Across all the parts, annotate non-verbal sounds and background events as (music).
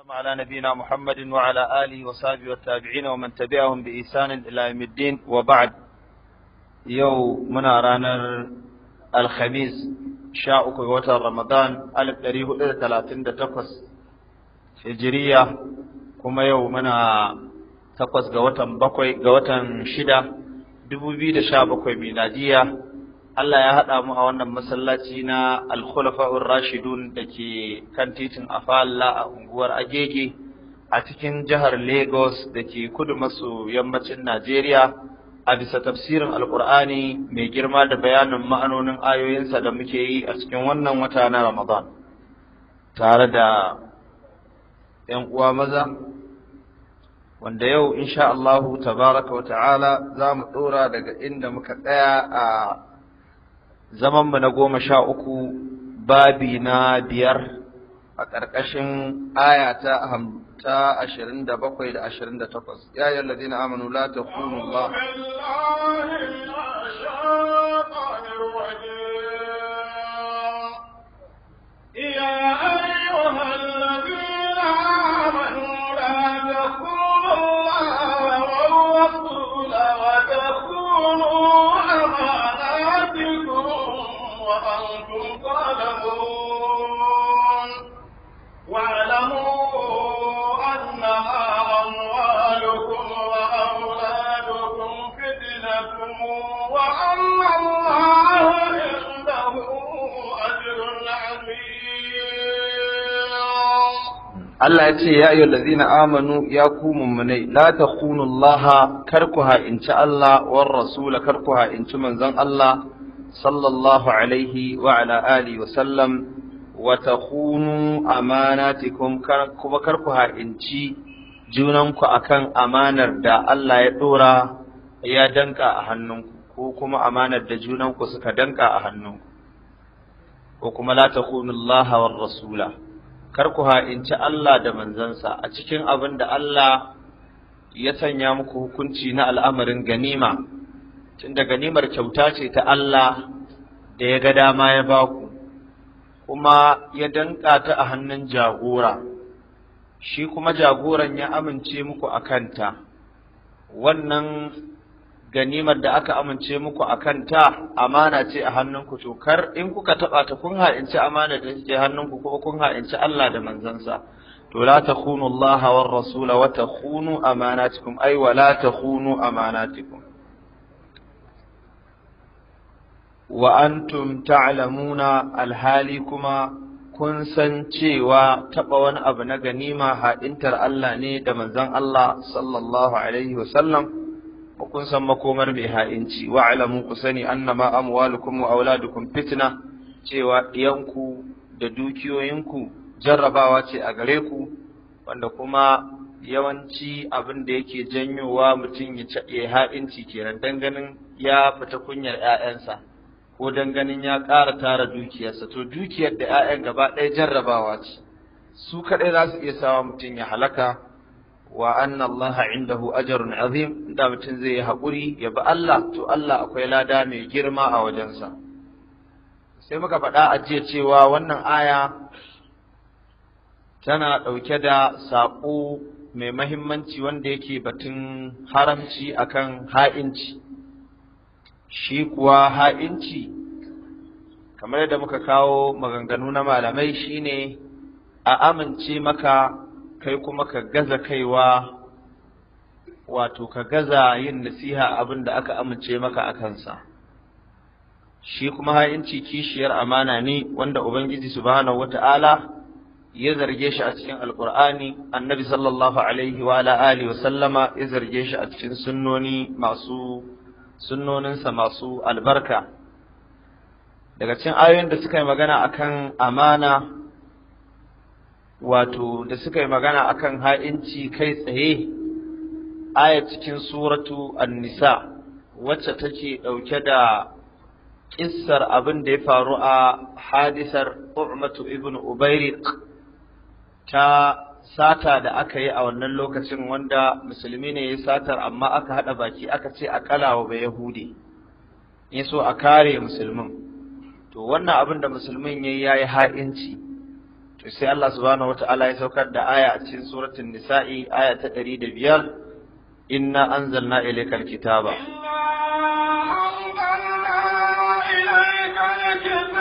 وسلم على نبينا محمد وعلى آله وصحبه والتابعين ومن تبعهم بإحسان إلى يوم الدين وبعد يوم من رانا الخميس شاء وتر رمضان ألف دريه إلى ثلاثين تقص هجرية كما يوم من تقص قوة بكوي قوة شدة دبوبي دشابكوي ميلادية Allah ya haɗa mu a wannan masallaci na Al-Khulafa'ur Rashidun da ke kan titin Afalla a unguwar Agege a cikin jihar Lagos da ke kudu maso yammacin Najeriya a bisa tafsirin Al-Qur'ani mai girma da bayanin ma'anonin ayoyinsa da muke yi a cikin wannan wata na Ramadan tare da 'yan uwa maza wanda yau insha Allahu tabaraka wa ta'ala za mu ɗora daga inda muka tsaya a zamanmu na goma sha uku babi na biyar a ƙarƙashin aya ta ashirin da bakwai da ashirin da takwas ya yi ladina amanu la ta kunu ba يا Allah ya ce ya ayyul ladzina amanu ya ku mummunai la takhunu Allah kar ku ha'inci Allah war rasul kar ku ha'inci manzon Allah sallallahu alaihi wa ala alihi wa sallam wa takhunu amanatikum kar kuma kar ku ha'inci junanku akan amanar da Allah ya dora ya danka a hannun ku kuma amanar da junanku suka danka a hannunku ko kuma la takhunu Allah war rasula kar ku ha'inci Allah da manzansa a cikin abin da Allah ya sanya muku hukunci na al'amarin ganima tunda ganimar kyauta ce ta Allah da ya ga dama ya ba ku kuma ya danka ta a hannun jagora shi kuma jagoran ya amince muku a kanta wannan ganimar da aka amince muku a kanta amana ce a hannunku to kar in kuka taɓa ta kun ha'inci amana da take hannunku ko kun ha'inci Allah da manzansa to la takhunu Allah war rasula wa takhunu amanatikum ay wa la takhunu amanatikum wa antum ta'lamuna alhali kuma kun san cewa taɓa wani abu na ganima ha'intar Allah ne da manzon Allah sallallahu alaihi wa sallam kun san makomar mai ha'inci wa alamu ku sani annama amwalukum wa auladukum fitna cewa iyanku da dukiyoyinku jarrabawa ce a gare ku wanda kuma yawanci abin da yake janyowa mutum ya ha'inci kenan dan ganin ya fita kunyar 'ya'yansa ko dan ganin ya ƙara tara dukiyarsa to dukiyar da 'ya'yan gaba ɗaya jarrabawa ce su kaɗai za su iya sawa mutum ya halaka wa anna Allah indahu ajrun azim da mutum zai yi haƙuri ya bi Allah to Allah akwai lada mai girma a wajensa sai muka faɗa a jiya cewa wannan aya tana ɗauke da saƙo mai mahimmanci wanda yake batun haramci akan ha'inci shi kuwa ha'inci kamar yadda muka kawo maganganu na malamai shine a amince maka kai kuma ka gaza kaiwa wato ka gaza yin nasiha abin da aka amince maka a kansa shi kuma ha'inci kishiyar amana ne wanda ubangiji subhanahu wata'ala ya zarge shi a cikin alkur'ani annabi sallallahu alaihi wa ala alihi wa sallama ya zarge shi a cikin sunnoni masu sunnoninsa masu albarka daga cikin ayoyin da suka yi magana akan amana wato da suka yi magana akan ha'inci kai tsaye aya cikin suratu an-nisa wacce take dauke da kissar abin da ya faru a hadisar U'matu ibn Ubayriq ta sata da aka yi a wannan lokacin wanda musulmi ne ya satar amma aka hada baki aka ce a kalawa ba Yahudi in so a kare musulmin to wannan abin da musulmin yayi yayi ha'inci sai Allah subhanahu wata'ala ya saukar da aya a cikin suratul nisa'i aya ta 105 inna anzalna ilaykal kitaba inna anzalna ilaykal kitaba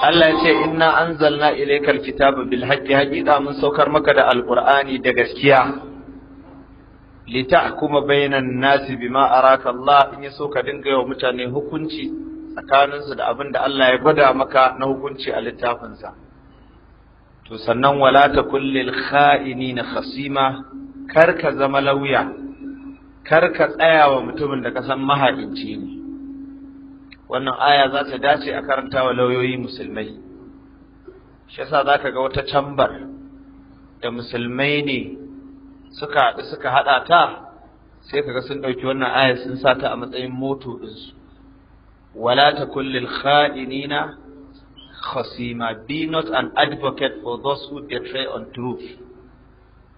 Allah ya ce inna anzalna ilaikal kitaba bil haqqi haqiqa mun saukar maka da alqur'ani da gaskiya litahkuma bainan nasi bima araka Allah in yaso ka dinga yawa mutane hukunci tsakaninsu da abin da Allah ya gwada maka na hukunci a littafinsa to sannan wala takul lil kha'inina khasima kar ka zama lauya kar ka tsaya wa mutumin da ka san maha'inci ne wannan aya za ta dace a karanta wa lauyoyi musulmai shi yasa za ka ga wata cambar da musulmai ne suka haɗu suka haɗa ta sai ka ga sun ɗauki wannan aya sun sa ta a matsayin moto ɗinsu wala ta kullil kha'inina khasima be not an advocate for those who betray on truth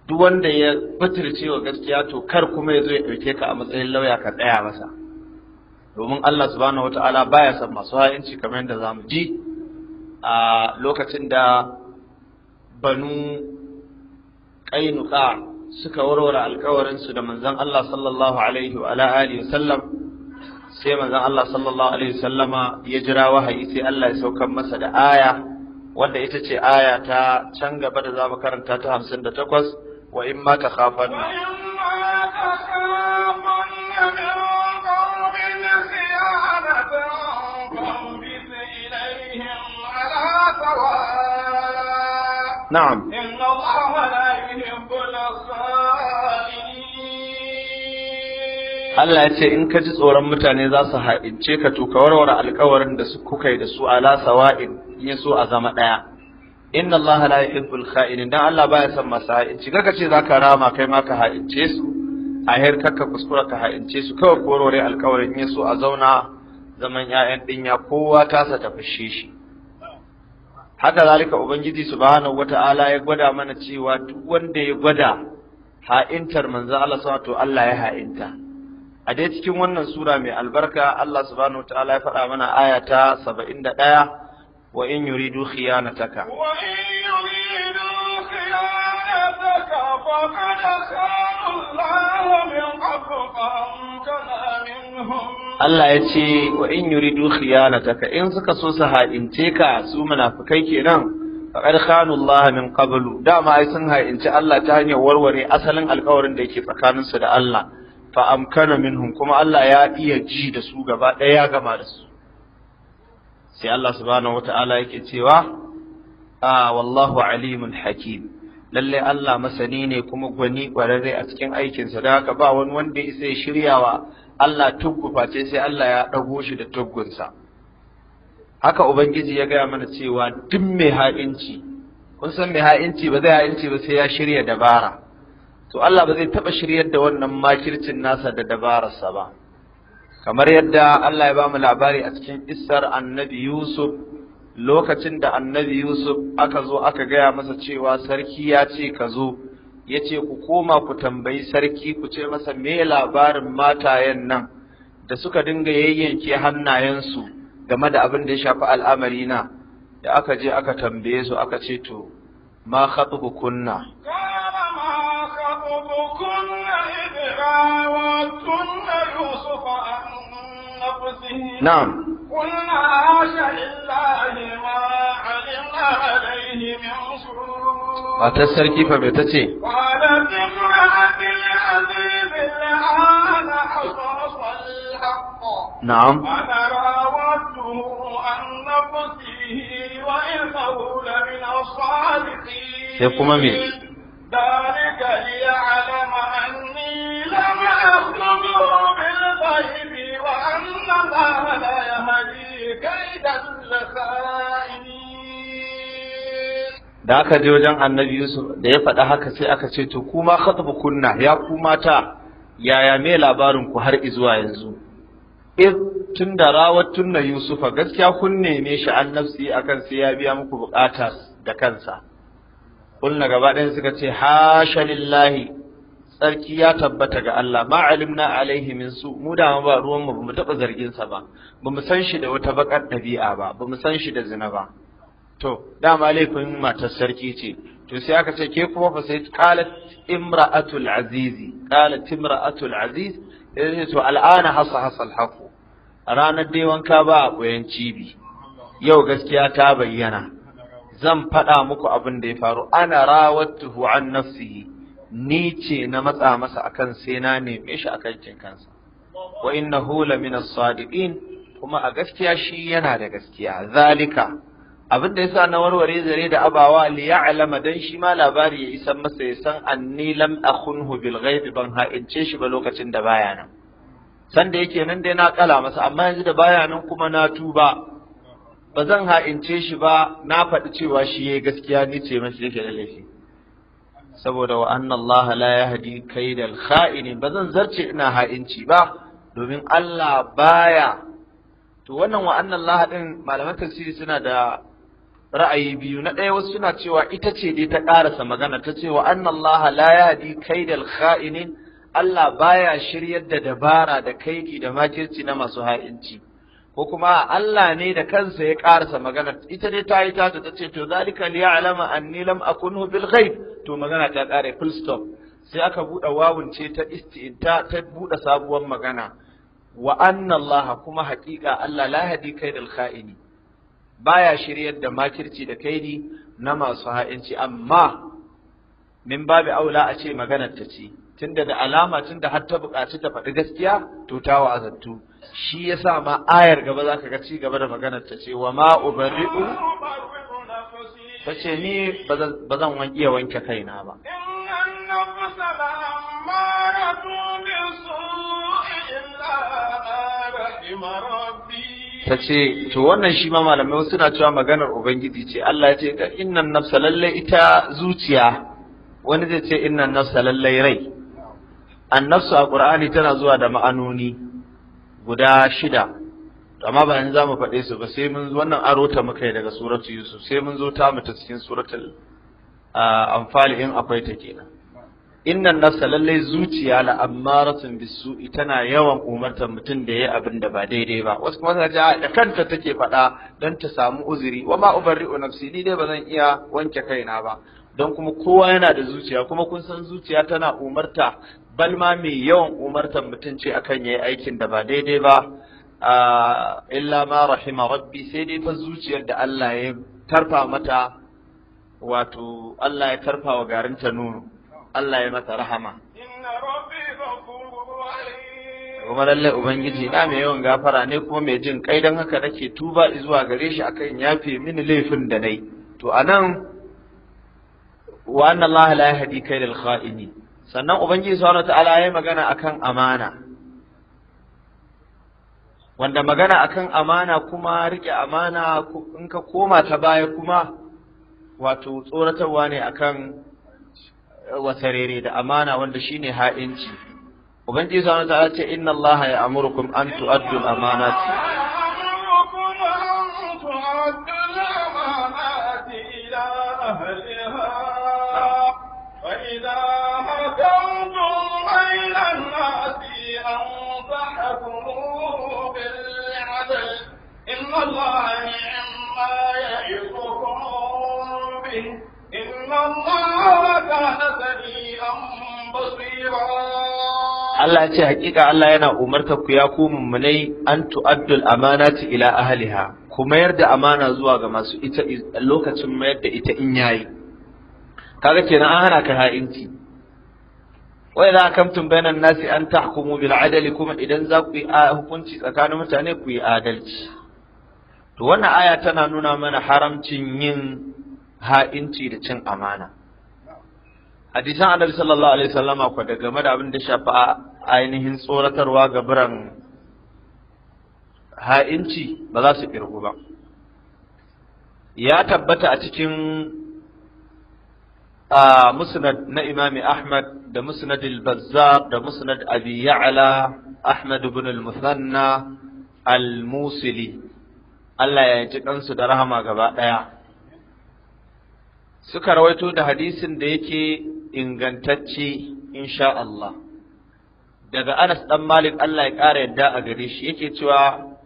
duk wanda ya batirce wa gaskiya to kar kuma ya zo ya ɗauke ka a matsayin lauya ka tsaya masa domin Allah subhanahu wata'ala baya son masu ha'inci kamar yadda za mu ji a lokacin da banu qainuqa suka warware alkawarinsu da manzon Allah sallallahu alaihi wa alihi sallam sai manzon Allah sallallahu alaihi sallama ya jira wahayi sai Allah ya saukar masa da aya wanda ita ce aya ta can gaba da za mu karanta ta 58 wa in ma ka wa in ma نعم إن الله لا يحب Allah ya ce in ka ji tsoron mutane za su ha'ince ka to ka warware alkawarin da su kuka yi da su ala sawa'in ya so a zama ɗaya inna Allah la yuhibbul kha'inin dan Allah baya son masu ha'ince. Kaka ce za ka rama kai ma ka ha'ince su a her kakka kuskura ka ha'ince su kawai warware alkawarin ya so a zauna zaman 'ya'yan dinya kowa sa ta fashe shi haka zalika ubangiji subhanahu wata'ala ya gwada mana cewa duk wanda ya gwada ha'intar manzo Allah subhanahu to Allah ya ha'inta a dai cikin wannan sura mai albarka Allah subhanahu wata'ala ya faɗa mana aya ta 71 wa in خيانتك wa in Allah min Allah ya ce wa in yuridu khiyanataka in suka so su haɗince ka su munafikai kenan faqad khanu Allah min qablu dama ai sun ha'inci Allah ta hanyar warware asalin alƙawarin da yake tsakaninsu da Allah fa amkana kuma Allah ya iya ji da su gaba ɗaya ya gama da su sai Allah subhanahu wata'ala yake cewa a wallahu alimul hakim lalle Allah masani ne kuma gwani kwararre a cikin aikinsa da haka ba wani wanda ya shirya shiryawa Allah tuggu face sai Allah ya dago shi da sa haka ubangiji ya gaya mana cewa duk mai ha'inci kun san mai ha'inci ba zai ha'inci ba sai ya shirya dabara to Allah ba zai taba shiryar da wannan makircin nasa da dabararsa ba kamar yadda Allah ya ba mu labari a cikin issar annabi Yusuf lokacin da annabi Yusuf aka zo aka gaya masa cewa sarki ya ce ka zo ya ce ku koma ku tambayi sarki ku ce masa me labarin matayen nan da suka dinga yayyanke hannayensu game da abin da ya shafi al'amari na da aka je aka tambaye su aka ce to ma khatubu kunna ma khatubu kunna نعم قل ما عاش لله ما علم عليه من Atar sarki fa bai ta ce, Na’am. Sai kuma mai. ذلك ليعلم أني لم أخلقه بالغيب وأن الله لا يهدي كيد الخائنين da aka je wajen annabi Yusuf da ya faɗa haka sai aka ce to kuma khatabu kunna ya ku mata yaya me labarin ku har izuwa yanzu in tun da rawar tunna Yusufa gaskiya kun neme shi annabsi akan sai ya biya muku bukata da kansa kulna gaba ɗaya suka ce hasha lillahi tsarki ya tabbata ga Allah ma alimna alaihi min su mu da ba ruwan mu bamu taba zargin sa ba bamu san shi da wata bakar dabi'a ba bamu san shi da zina ba to ma laifin matar sarki ce to sai aka ce ke kuma fa sai qalat imra'atul azizi qalat imra'atul aziz sai to al'ana hasa hasal haqu ranar dai wanka ba a koyan cibi yau gaskiya ta bayyana zan faɗa muku abin da ya faru ana rawattuhu an nafsihi ni ce na matsa masa akan sai na neme shi akan cin kansa wa innahu as sadiqin kuma a gaskiya shi yana da gaskiya zalika abin da yasa na warware zare da abawa li ya'lama dan shi ma labari ya isan masa ya san anni lam akhunhu bil ghaib ban ce shi ba lokacin da baya nan san da yake nan dai na kala masa amma yanzu da baya nan kuma na tuba ba zan ha'ince shi ba na faɗi cewa shi yi gaskiya ni ce mashi yake da laifi saboda wa anna Allah la yahdi kaidal kha'inin ba zan zarce ina ha'inci ba domin Allah baya to wannan wa anna Allah din malaman tafsiri suna da ra'ayi biyu na ɗaya wasu suna cewa ita ce dai ta ƙarasa magana ta ce wa anna Allah la yahdi kaidal kha'inin Allah baya shiryar da dabara da kaiki da makirci na masu ha'inci ko kuma Allah ne da kansa ya karasa magana ita ne ta yi ta ta ce to zalika li ya'lama anni lam akunhu bil ghaib to magana ta kare full stop sai aka buɗe wawun ce ta istiinta ta buɗe sabuwar magana wa anna Allah kuma haƙiƙa Allah la hadi kaidal kha'ini baya shiryar da makirci da kaidi na masu ha'inci amma min babu aula a ce maganar ta ce tunda da alama tunda har ta buƙaci ta faɗi gaskiya to ta azantu shi yasa ma ayar gaba za ka ga ci gaba da maganar ta ce wa ma ubadi'u ce ni ba zan iya wanke kaina ba ta ce to wannan shi ma malamai suna cewa maganar ubangiji ce Allah ya ce ka innan nafsa lalle ita zuciya wani zai ce innan nafsa lalle rai annafsu a ƙur'ani tana zuwa da ma'anoni guda shida amma ba in za mu faɗe su ba sai mun wannan aro ta muka yi daga suratu yusuf sai mun zo ta mutu cikin suratul anfali in akwai ta kenan innan nafsa lallai zuciya la ammaratun bisu'i tana yawan umartar mutum da yayi abin da ba daidai ba wasu kuma suna da kanta take faɗa dan ta samu uzuri wa ma ubarri'u nafsi ni dai ba zan iya wanke kaina ba don kuma kowa yana da zuciya kuma kun san zuciya tana umarta Balma mai yawan umartar mutum ce akan yi aikin da ba daidai ba illa ma rahima rabbi sai dai fa zuciyar da Allah ya tarfa mata wato Allah ya tarfa wa garinta nono Allah ya mata rahama kuma lalle ubangiji na mai yawan gafara ne kuma mai jin kai don haka nake tuba zuwa gare shi akan yafe mini laifin da nayi to anan wa anna Allah la yahdi kaydal kha'ini sannan ubangiji subhanahu Ta'ala ya magana akan amana wanda magana akan amana kuma rike amana in ka koma ta baya kuma wato tsoratarwa ne akan eh, wasarere da amana wanda shine ha'inci ubangiji subhanahu Ta’ala ce inna ya ya'murukum an tu'addu al-amanati Allah ce hakika Allah yana umarta ku ya ku mummunai an tu'addul amanati ila ahliha ku mayar da amana zuwa ga masu ita lokacin mayar da ita in yayi kaga kenan an hana ka ha'inci wa idza hakamtum bainan nasi an tahkumu bil adali kuma idan za ku yi hukunci tsakanin mutane ku yi adalci to wannan aya tana nuna mana haramcin yin ha'inci da cin amana hadisan annabi sallallahu alaihi wasallama ko da game da abin da shafa ainihin tsoratarwa ga biran ha'inci ba za su ƙirgu ba ya tabbata a cikin a musnad na imami ahmad da musnad al-bazzar da musnad abi ya'la ahmad ibn al-musanna al-musili Allah ya ji kansu da rahama gaba daya suka rawaito da hadisin da yake ingantacce insha Allah daga Anas dan Malik Allah ya ƙara yadda a gare shi yake cewa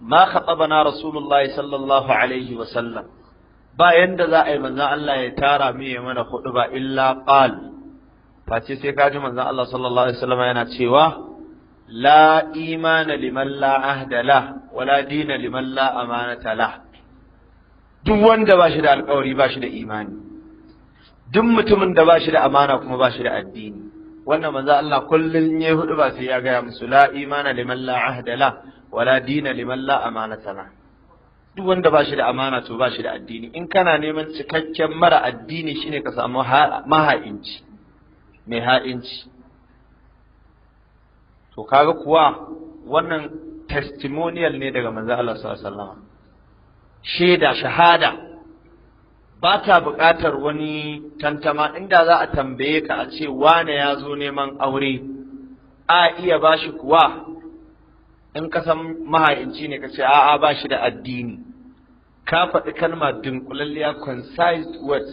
ma khatabana rasulullahi sallallahu alaihi wa sallam ba yanda za a yi manzon Allah ya tara mu ya mana kudu ba illa qal face sai ka ji manzon Allah sallallahu alaihi wasallam yana cewa la imana liman la ahda la wala dina liman la amanata la duk wanda ba shi da alƙawari ba shi da imani duk mutumin da ba shi da amana kuma ba shi da addini wannan manzo Allah kullun yi hudu ba sai ya gaya musu la imana liman la ahda la wala dina liman la amanata la duk wanda ba shi da amana to ba shi da addini in kana neman cikakken mara addini shine ka samu maha'inci mai ha'inci to kaga kuwa wannan testimonial ne daga manzo Allah sallallahu alaihi wasallam shaida shahada ba ta buƙatar wani tantama inda za a tambaye ka a ce wane ya zo neman aure a iya bashi kuwa in ka san maha'inci ne ka ce a'a ba shi da addini ka faɗi kalma dunkulalliya concise words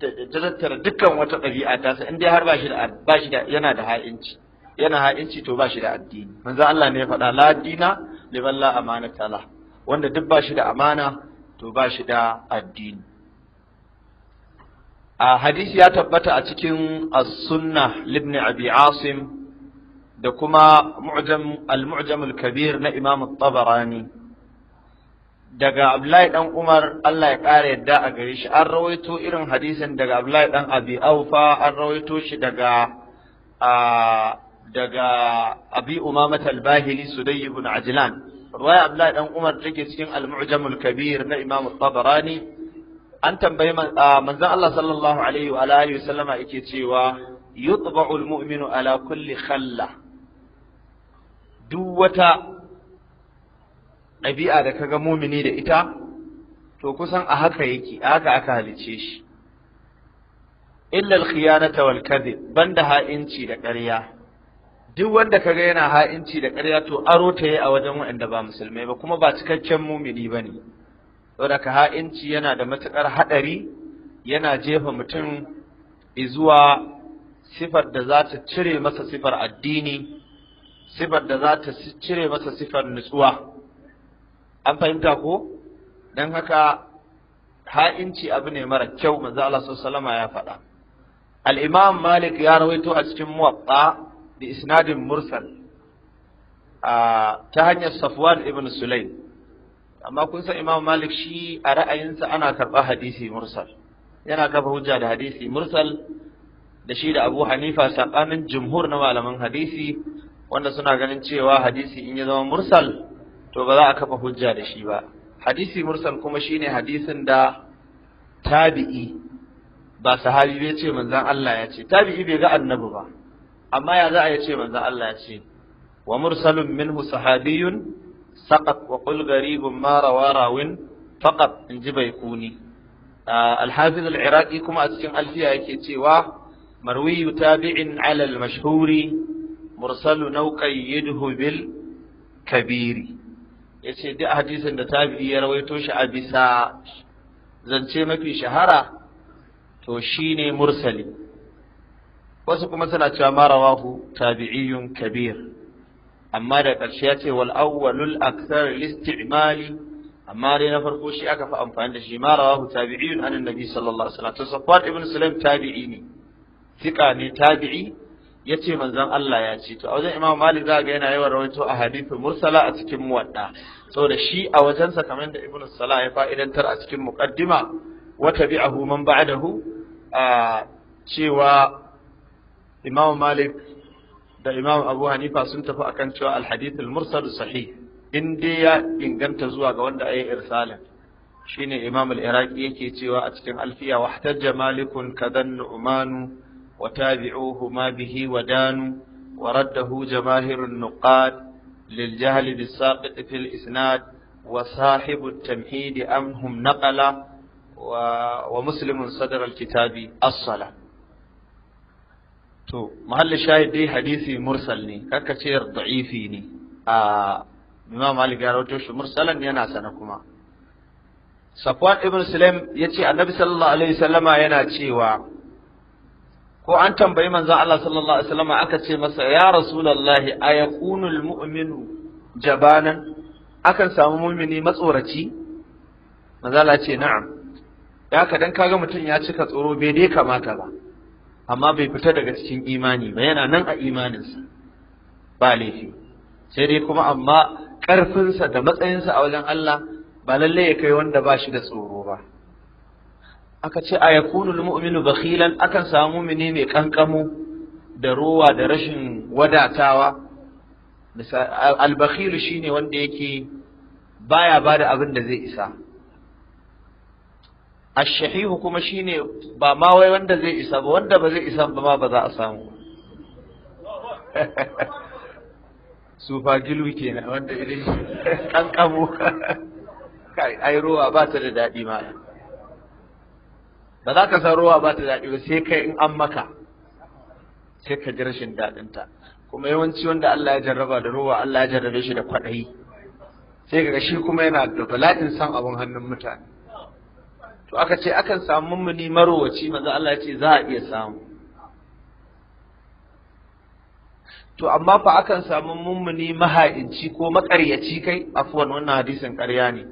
ta tattara dukkan wata ɗabi'a ta sa in dai har ba shi da ba shi da yana da ha'inci yana ha'inci to ba shi da addini manzo Allah ne ya faɗa la dina li balla amanata la wanda duk ba shi da amana to ba shi da addini a hadisi ya tabbata a cikin as-sunnah libni abi asim da kuma al-mu'jam al-kabir na imam tabarani daga abdullahi dan umar Allah ya kare yadda a gare shi an rawaito irin hadisin daga abdullahi dan abi aufa an rawaito shi daga daga abi umama al-bahili sudai ibn ajlan ruwaya abdullahi dan umar take cikin al-mu'jam al-kabir na imam tabarani an tambayi manzon Allah sallallahu alaihi wa alihi wasallama yake cewa yutba'u al-mu'minu ala kulli khalla duk wata ɗabi'a da kaga mumini da ita to kusan a haka yake a haka aka halice shi illa al wal kadhib banda ha'inci da ƙarya duk wanda kaga yana ha'inci da ƙarya to aro ta yi a wajen waɗanda ba musulmai ba kuma ba cikakken mumini ne. saboda ka ha'inci yana da matukar haɗari, yana jefa mutum izuwa sifar da za ta cire masa sifar addini sifar da za ta cire masa sifar nutsuwa an fahimta ko don haka ha'inci abu ne mara kyau manzo Allah sallallahu ya faɗa al-imam malik ya rawaito a cikin muwatta bi isnadin mursal ta hanyar safwan ibn sulaim amma kun san imam malik shi a ra'ayinsa ana karɓar hadisi mursal yana kafa hujja da hadisi mursal da shi da abu hanifa sakanin jumhur na malaman hadisi wanda suna ganin cewa hadisi in ya zama mursal to ba za a kafa hujja da shi ba hadisi mursal kuma shine hadisin da tabi'i ba sahabi bai ce manzon Allah ya ce tabi'i bai ga annabi ba amma ya za a ya ce manzon Allah ya ce wa mursalun minhu sahabiyun saqat wa qul gharibun ma rawa rawin faqat in ji bai kuni al-hafiz kuma a cikin alfiya yake cewa marwiyu tabi'in alal mashhuri mursalu nauqayyidhu bil kabiri yace duk hadisin da tabi'i ya rawaito shi a bisa zance mafi shahara to shine mursali wasu kuma suna cewa ma rawahu tabi'iyyun kabir amma da ƙarshe ya ce wal awwalul akthar listimali amma dai na farko shi aka fi amfani da shi ma rawahu tabi'iyyun anan nabi sallallahu alaihi wasallam to safwan ibn sulaim tabi'i ne thiqa ne tabi'i ya ce manzon Allah ya ce to a wajen Imam Malik za ga yana yawan rawaito a hadithin mursala a cikin muwadda saboda shi a wajen sa kamar da Ibn Salah ya fa'idantar a cikin muqaddima wa tabi'ahu man ba'dahu a cewa Imam Malik da Imam Abu Hanifa sun tafi akan cewa al-hadith al-mursal sahih in dai ya inganta zuwa ga wanda ayi irsalin shine Imam al-Iraqi yake cewa a cikin alfiya wahtajja malikun kadan umanu. وتابعوهما به ودانوا ورده جماهر النقاد للجهل بالساقط في الإسناد وصاحب التمهيد أمهم نقل ومسلم صدر الكتاب الصلاة to mahallin shahid dai hadisi mursal ne kaka ce da'ifi ne a Imam Malik ya rawaito shi mursalan yana sana kuma Safwan ibn Sulaim yace Annabi sallallahu yana cewa ko an tambayi manzon Allah sallallahu alaihi wasallam aka ce masa ya rasulullahi ayakunul mu'minu jabanan akan samu mumini matsoraci manzon Allah ce na'am ya ka dan kaga mutum ya cika tsoro bai dai kamata ba amma bai fita daga cikin imani ba yana nan a imaninsa ba laifi sai dai kuma amma ƙarfinsa da matsayinsa a wajen Allah ba lallai ya kai wanda ba shi da tsoro aka ce a yakunu mu'minu bakhilan akan samu mumini mai kankamo da ruwa da rashin wadatawa albakhilu shine wanda yake baya bada abin da zai isa ashahihu kuma shine ba ma wai wanda zai isa ba wanda ba zai isa ba ma ba za a samu (laughs) Sufagilu gilu kenan wanda idan (laughs) kankamo (laughs) kai ai ruwa ba ta da daɗi ma ba za ka san ruwa ba ta daɗi ba sai kai in an maka sai ka ji rashin daɗinta kuma yawanci wanda Allah ya jarraba da ruwa, Allah ya jarrabe shi da kwaɗayi sai ka shi kuma yana da bala'in san abin hannun mutane to aka ce akan samu mummuni marowaci manzo Allah ya ce za a iya samu to amma fa akan samu mummuni maha'inci ko maƙaryaci kai afwan wannan hadisin ƙarya ne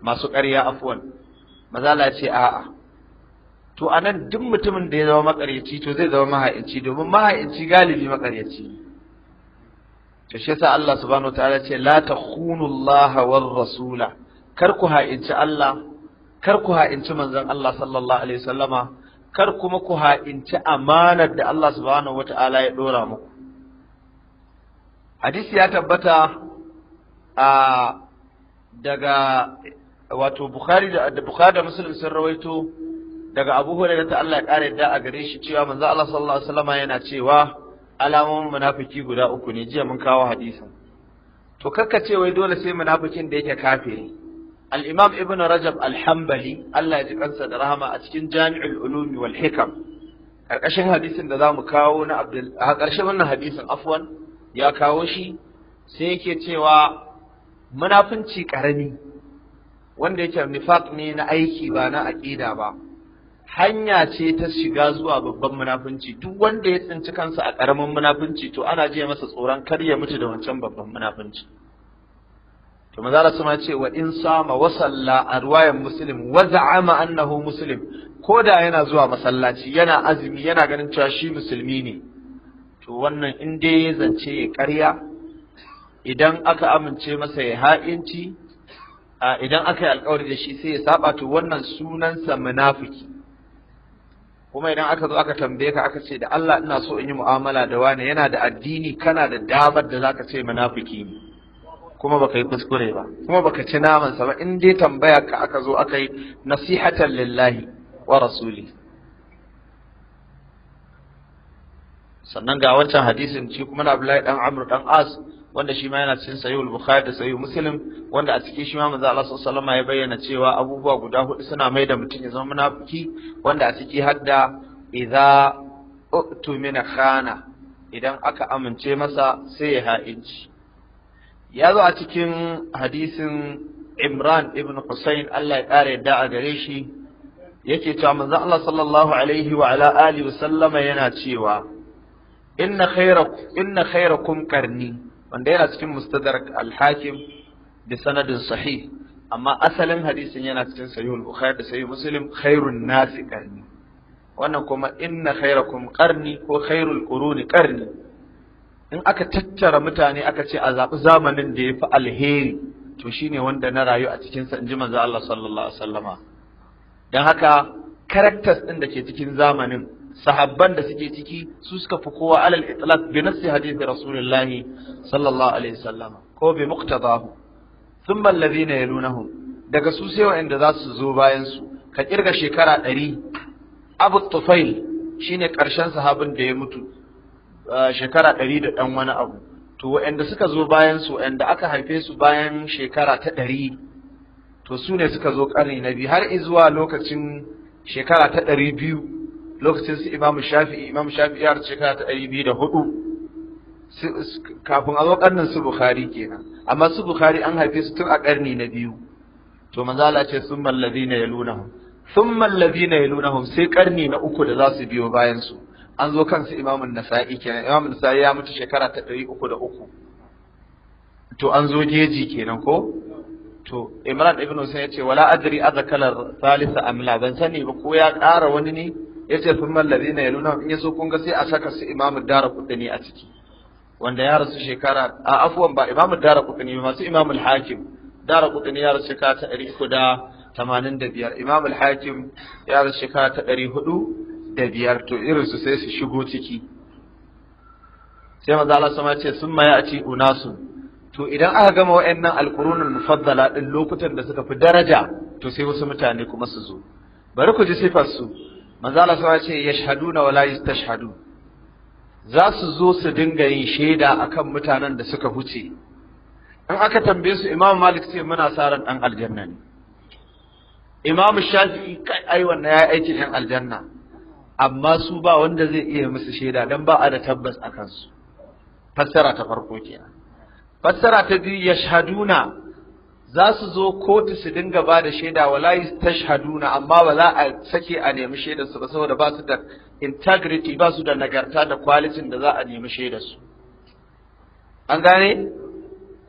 masu ƙarya afwan maza Allah ya ce a'a to anan duk mutumin da ya zama makaryaci to zai zama maha'inci domin maha'inci galibi makaryaci to shi yasa Allah subhanahu wataala ce la takhunu Allah war rasula kar ku ha'inci Allah kar ku ha'inci manzon Allah sallallahu alaihi wasallama kar kuma ku ha'inci amanar da Allah subhanahu wataala ya dora muku hadisi ya tabbata a daga wato Bukhari da Bukhari da Muslim sun rawaito daga Abu Hurairah ta Allah ya kare da a gare shi cewa manzo Allah sallallahu alaihi wasallam yana cewa alamomin munafiki guda uku ne jiya mun kawo hadisin to karka ce wai dole sai munafikin da yake kafiri al-Imam Ibn Rajab al-Hanbali Allah ya ji kansa da rahama a cikin Jami'ul Ulum wal Hikam karkashin hadisin da zamu kawo na Abdul a karshen wannan hadisin afwan ya kawo shi sai yake cewa munafunci karami wanda yake nifaq ne na aiki ba na aqida ba hanya ce ta shiga zuwa babban munafunci duk wanda ya tsinci kansa a ƙaramin munafunci to ana jiya masa tsoron kar ya mutu da wancan babban munafunci to maza Allah sama ce wa in sama wa salla a ruwayan muslim wa za'ama annahu muslim ko da yana zuwa masallaci yana azumi yana ganin cewa shi musulmi ne to wannan in dai ya zance ya ƙarya idan aka amince masa ya ha'inci idan aka yi alƙawari da shi sai ya saba to wannan sunansa munafiki kuma idan aka zo aka tambaye ka aka ce da Allah ina so in yi mu'amala da wani yana da addini kana da damar da zaka ce munafiki ne kuma baka yi kuskure ba kuma baka ci naman sa ba in dai tambaya ka aka zo aka yi nasihatan lillahi wa rasuli sannan ga wancan hadisin ci kuma na Abdullahi dan Amr dan As wanda shi ma yana cikin sahihul bukhari da sahihul muslim wanda a cikin shi ma manzo Allah sallallahu alaihi ya bayyana cewa abubuwa guda hudu suna mai da mutum ya zama munafiki wanda a ciki hadda idza min khana idan aka amince masa sai ya ha'inci ya zo a cikin hadisin Imran ibn Husayn Allah ya kare yadda a gare shi yake cewa manzo Allah sallallahu alaihi wa ala alihi wa sallama yana cewa inna khayrakum inna khayrakum karni wanda yana cikin mustadrak al-hakim da sanadin sahih amma asalin hadisin yana cikin sahihul bukhari da sahih muslim khairun nasi qarni wannan kuma inna khairakum qarni ko khairul quruni qarni in aka tattara mutane aka ce a zaɓi zamanin da ya fi alheri to shine wanda na rayu a cikinsa in ji manzo Allah sallallahu alaihi wasallama don haka karaktas ɗin da ke cikin zamanin sahabban da suke ciki su suka fi kowa alal itlaq bi nassi hadithi rasulullah sallallahu alaihi wasallam ko bi muqtadahu thumma alladhina yalunahum daga su sai wa'anda za su zo bayan su ka kirga shekara ɗari abu tufail shine karshen sahabin da ya mutu shekara ɗari da ɗan wani abu to wa'anda suka zo bayan su wa'anda aka haife su bayan shekara ta ɗari to su ne suka zo ƙarni na biyu har izuwa lokacin shekara ta ɗari biyu lokacin su imamu shafi'i imamu shafi'i ya cika ta ɗari biyu da hudu kafin a zo ƙarnin su bukhari kenan amma su bukhari an haife su tun a ƙarni na biyu to manzo Allah ce summa alladhina yalunahum ya luna yalunahum sai ƙarni na uku da za su biyo bayan su an zo kan su imamun nasa'i kenan imamun nasa'i ya mutu shekara ta ɗari uku da uku to an zo jeji kenan ko to imran ibn husayn ya ce wala adri azakala thalitha amla ban sani ba ko ya ƙara wani ne ya ce sun mallabi na yaluna in ya so kun ga sai a saka su imamu dara kudini a ciki wanda ya rasu shekara a afuwan ba imamu dara kudini ba masu imamu hakim dara kudini ya rasu shekara ta ɗari da tamanin da biyar imamu hakim ya rasu shekara ta ɗari hudu da biyar to su sai su shigo ciki sai maza Allah sama ce sun maya a ci unasu to idan aka gama wa'annan alqurunul mufaddala din lokutan da suka fi daraja to sai wasu mutane kuma su zo bari ku ji sifarsu su manzo Allah sai ya ce yashhaduna wala yastashhadu za su zo su dinga yin shaida akan mutanen da suka huce in aka tambaye su Imam Malik sai muna sa ran dan aljanna ne Imam Shafi'i kai ai wannan yayi aikin yan aljanna amma su ba wanda zai iya musu shaida dan ba a da tabbas a su fassara ta farko kenan fassara ta biyu yashhaduna za su zo kotu su dinga ba da shaida wala tashhaduna amma ba za a sake a nemi shaidar su ba saboda ba su da integrity ba su da nagarta da quality da za a nemi shaidar su an gane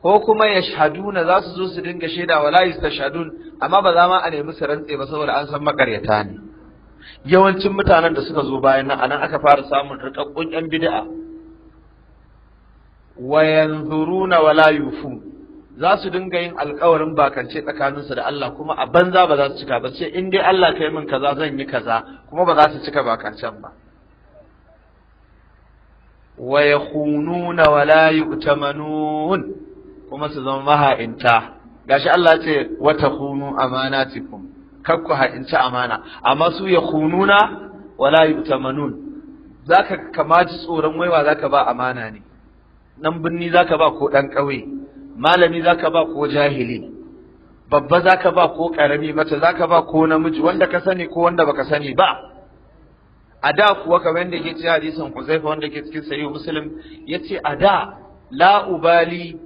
ko kuma yashhaduna za su zo su dinga shaida wala yastashhadun amma ba za ma a nemi su rantse ba saboda an san makaryata ne yawancin mutanen da suka zo bayan nan anan aka fara samun rikakkun yan bid'a wa yanzuruna wala yufun za su dinga yin alkawarin bakance tsakaninsu da Allah kuma a banza ba za su cika ba sai in dai Allah kai min kaza zan yi kaza kuma ba za su cika bakancen ba wa hununa wa la yu'tamanun kuma su zama maha'inta gashi Allah ce wa amana amanatikum kar ku ha'inci amana amma su ya yakhununa wa la yu'tamanun zaka kamaji tsoron waiwa zaka ba amana ne nan birni zaka ba ko dan ƙauye malami zaka ba ko jahili babba zaka ba ko karami mace zaka ba ko namiji wanda ka sani ko wanda baka sani ba a da kuwa kamar yadda ke cikin hadisin kuzaifa wanda ke cikin sahihu Muslim yace a da la ubali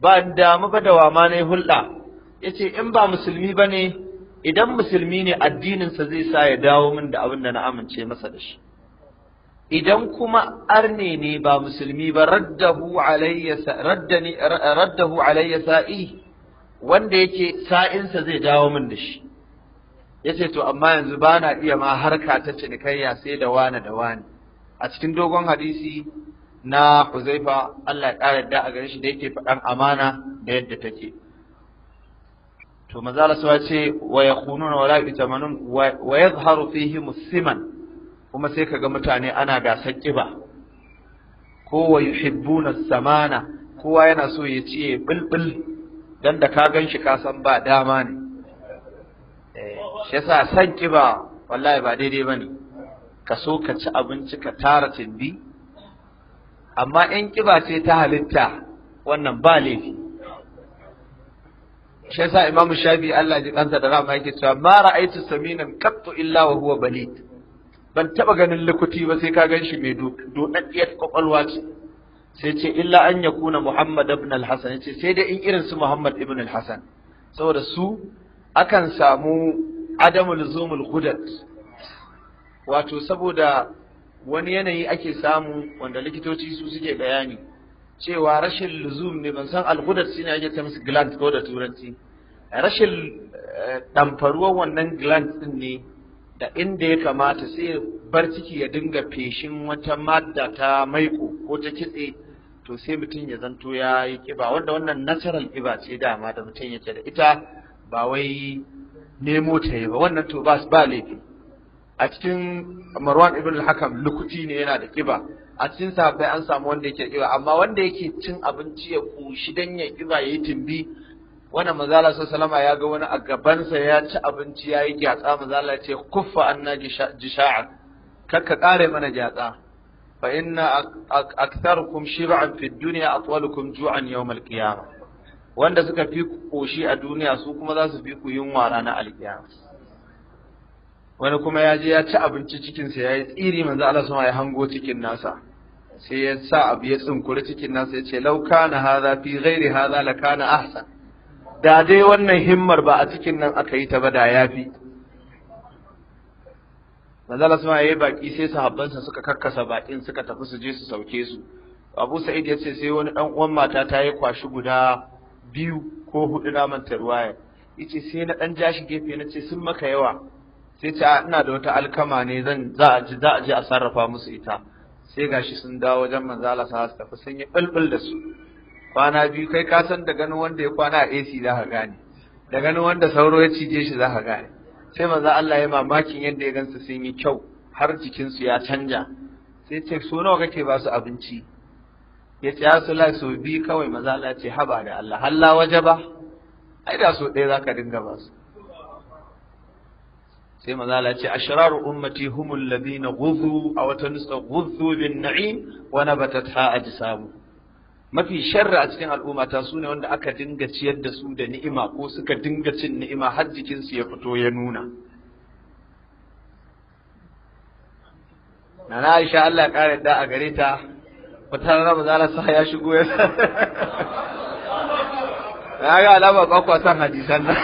ba damu ba da wama ne hulɗa yace in ba musulmi bane idan musulmi ne addininsa zai sa ya dawo min da abin da na amince masa da shi idan kuma arne ne ba musulmi ba raddahu alayya raddani raddahu alayya sa'i wanda yake sa'insa zai dawo min da shi yace to amma yanzu ba na iya ma harka ta cinikayya sai da wani da wani a cikin dogon hadisi na Huzaifa Allah ya ƙara da a gare shi da yake faɗan amana da yadda take to manzo Allah ce wa kununa wa la yatamanun kuma sai kaga mutane ana gasar ƙiba kowa hibbuna samana kowa yana so ya ci bulbul dan da ka gan shi ka san ba dama ne eh, shi yasa san ƙiba wallahi ba daidai bane ka so ka ci abinci ka tara tumbi amma in ƙiba ce ta halitta wannan ba laifi shi yasa imamu shafi Allah ji kansa da rama yake cewa ma ra'aytu saminan qattu illa wa huwa balid ban taba ganin likuti ba sai ka gan shi mai dodaddiyar kwakwalwa ce sai ce illa an ya kuna Muhammad ibn al ce sai dai in irin su Muhammad ibn al hassan saboda su akan samu adamul zumul gudat wato saboda wani yanayi ake samu wanda likitoci su suke bayani cewa rashin luzum ne ban san al-gudat shine ake ta musu gland ko da turanci rashin damfaruwar eh, wannan gland din ne da inda ya kamata sai bar ciki ya dinga feshin wata madda ta maiko ko ta kitse to sai mutum ya zanto ya yi ƙiba wanda wannan nasarar ƙiba ce dama da mutum yake da ita ba wai nemo ta yi ba wannan to ba ba laifi a cikin Marwan ibn al-Hakam lukuti ne yana da ƙiba a cikin sabai an samu wanda yake kiba amma wanda yake cin abinci ya kushi dan ya ƙiba yayi timbi wannan manzala sai salama ya ga wani a gabansa ya ci abinci ya yi gyatsa manzala ce kuffa anna jisha'a kar ka kare mana gyatsa fa inna aktharukum shib'an fid dunya atwalukum ju'an yawm al-qiyamah wanda suka fi ku koshi a duniya su kuma za su fi ku yunwa ranar alkiyama wani kuma ya je ya ci abinci cikinsa ya yi tsiri manzo Allah sama ya hango cikin nasa sai ya sa abu ya tsinkuri cikin nasa ya ce lau kana hadha fi ghairi hadha lakana ahsan da dai wannan himmar ba a cikin nan aka yi ta ba da ya yafi manzala suna yi baƙi sai su habbansa suka karkasa baƙin, suka tafi su je su sauke su Abu Sa'id ya ce sai wani ɗan uwan mata ta yi kwashi guda biyu ko hudu na manta ruwaya ce sai na ɗan jashi gefe na ce sun maka yawa sai ce ina da wata alkama ne zan za a ji za a je a sarrafa musu ita sai gashi sun dawo wajen manzala sa su tafi sun yi ɓulɓul da su kwana biyu kai ka san da ganin wanda ya kwana a AC za ka gane da ganin wanda sauro ya cije shi za ka gane sai manzo Allah ya mamakin yadda ya gansu sun yi kyau har jikinsu ya canja sai ce so nawa kake ba su abinci ya ce ya su la so bi kawai manzo Allah ya ce haba da Allah halla waje ba ai da so ɗaya zaka dinga ba su sai manzo Allah ya ce ashraru ummati humul ladina ghuzu aw tansa ghudhu bin na'im wa nabatat ha ajsamu mafi sharra a cikin al'umma ta sune wanda aka dinga ciyar da su da ni'ima ko suka dinga cin ni'ima har jikinsu ya fito ya nuna na na Aisha Allah ya kare da a gare ta wata rana ba sa ya shigo ya ya (laughs) ga alama ba kwa san hadisan nan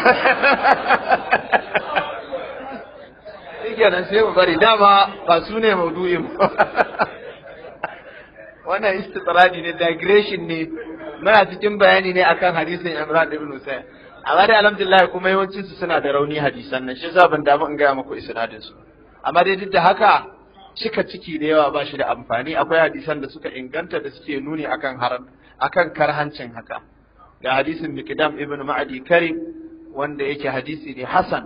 (laughs) sai mu bari dama ba su ne maudu'in (laughs) wannan istitradi ne digression ne muna cikin bayani ne akan hadisin Imran ibn Husayn amma dai alhamdulillah kuma yawancin su suna da rauni hadisan nan shi yasa ban damu in gaya muku isnadin su amma dai duk da haka cika ciki da yawa ba shi da amfani akwai hadisan da suka inganta da suke nuni akan haram akan karhancin haka ga hadisin mikdam ibn Ma'adi Karim wanda yake hadisi ne Hassan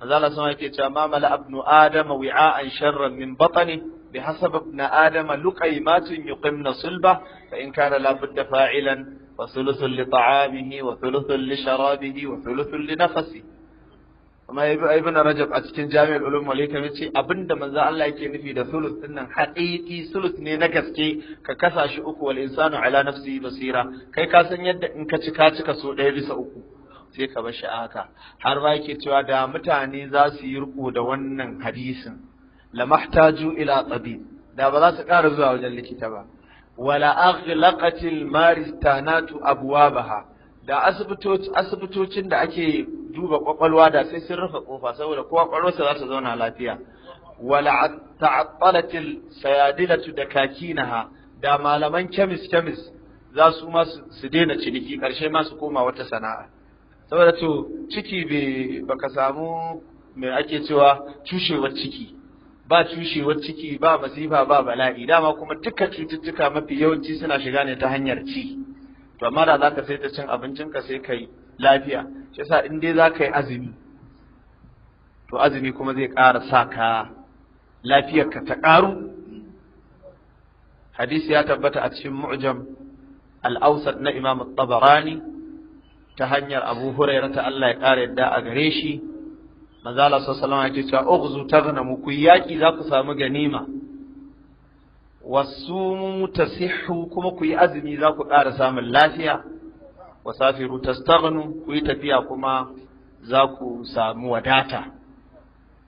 Maza sun yake cewa ma mala abnu adama wi'a'an sharran min batani bi hasab ibn adama luqaymatun yuqimna sulba fa in kana la budda fa'ilan wa thuluthun li ta'amihi wa thuluthun li sharabihi wa thuluthun li nafasi kuma ibn rajab a cikin jami'ul ulum wal hikam yace abinda manzo Allah yake nufi da sulus din nan haqiqi sulus ne na gaske ka kasa shi uku wal insanu ala nafsihi basira kai ka san yadda in ka ci ka cika so ɗaya bisa uku sai ka bar shi haka har ba yake cewa da mutane za su yi riko da wannan hadisin lamahtaju ila tabib da ba za su ƙara zuwa wajen likita ba wala aghlaqatil maristanatu abwabaha da asibitoci asibitocin da ake duba kwakwalwa da sai sun rufe kofa saboda kowa kwakwalwarsa za su zauna lafiya wala ta'attalatil sayadilatu da kakinaha da malaman kemis kemis za su ma su daina ciniki ƙarshe ma su koma wata sana'a saboda to ciki bai baka samu mai ake cewa cushewar ciki ba cushewar ciki ba masifa ba bala'i dama kuma duka cututtuka mafi yawanci suna shiga ne ta hanyar ci to amma da za ka sai ta cin abincin ka sai kai lafiya shi yasa in dai za ka yi azumi to azumi kuma zai ƙara sa ka lafiyar ka ta ƙaru hadisi ya tabbata a cikin mu'jam al-awsat na imam at-tabarani ta hanyar Abu Hurairah ta Allah ya ƙara yadda a gare shi manzo sa salama alaihi wasallam ya ce ughzu taghnamu ku yaki za ku samu ganima Wasu tasihu kuma ku yi azumi za ku ƙara samun lafiya wasafiru tastaghnu ku yi tafiya kuma za ku samu wadata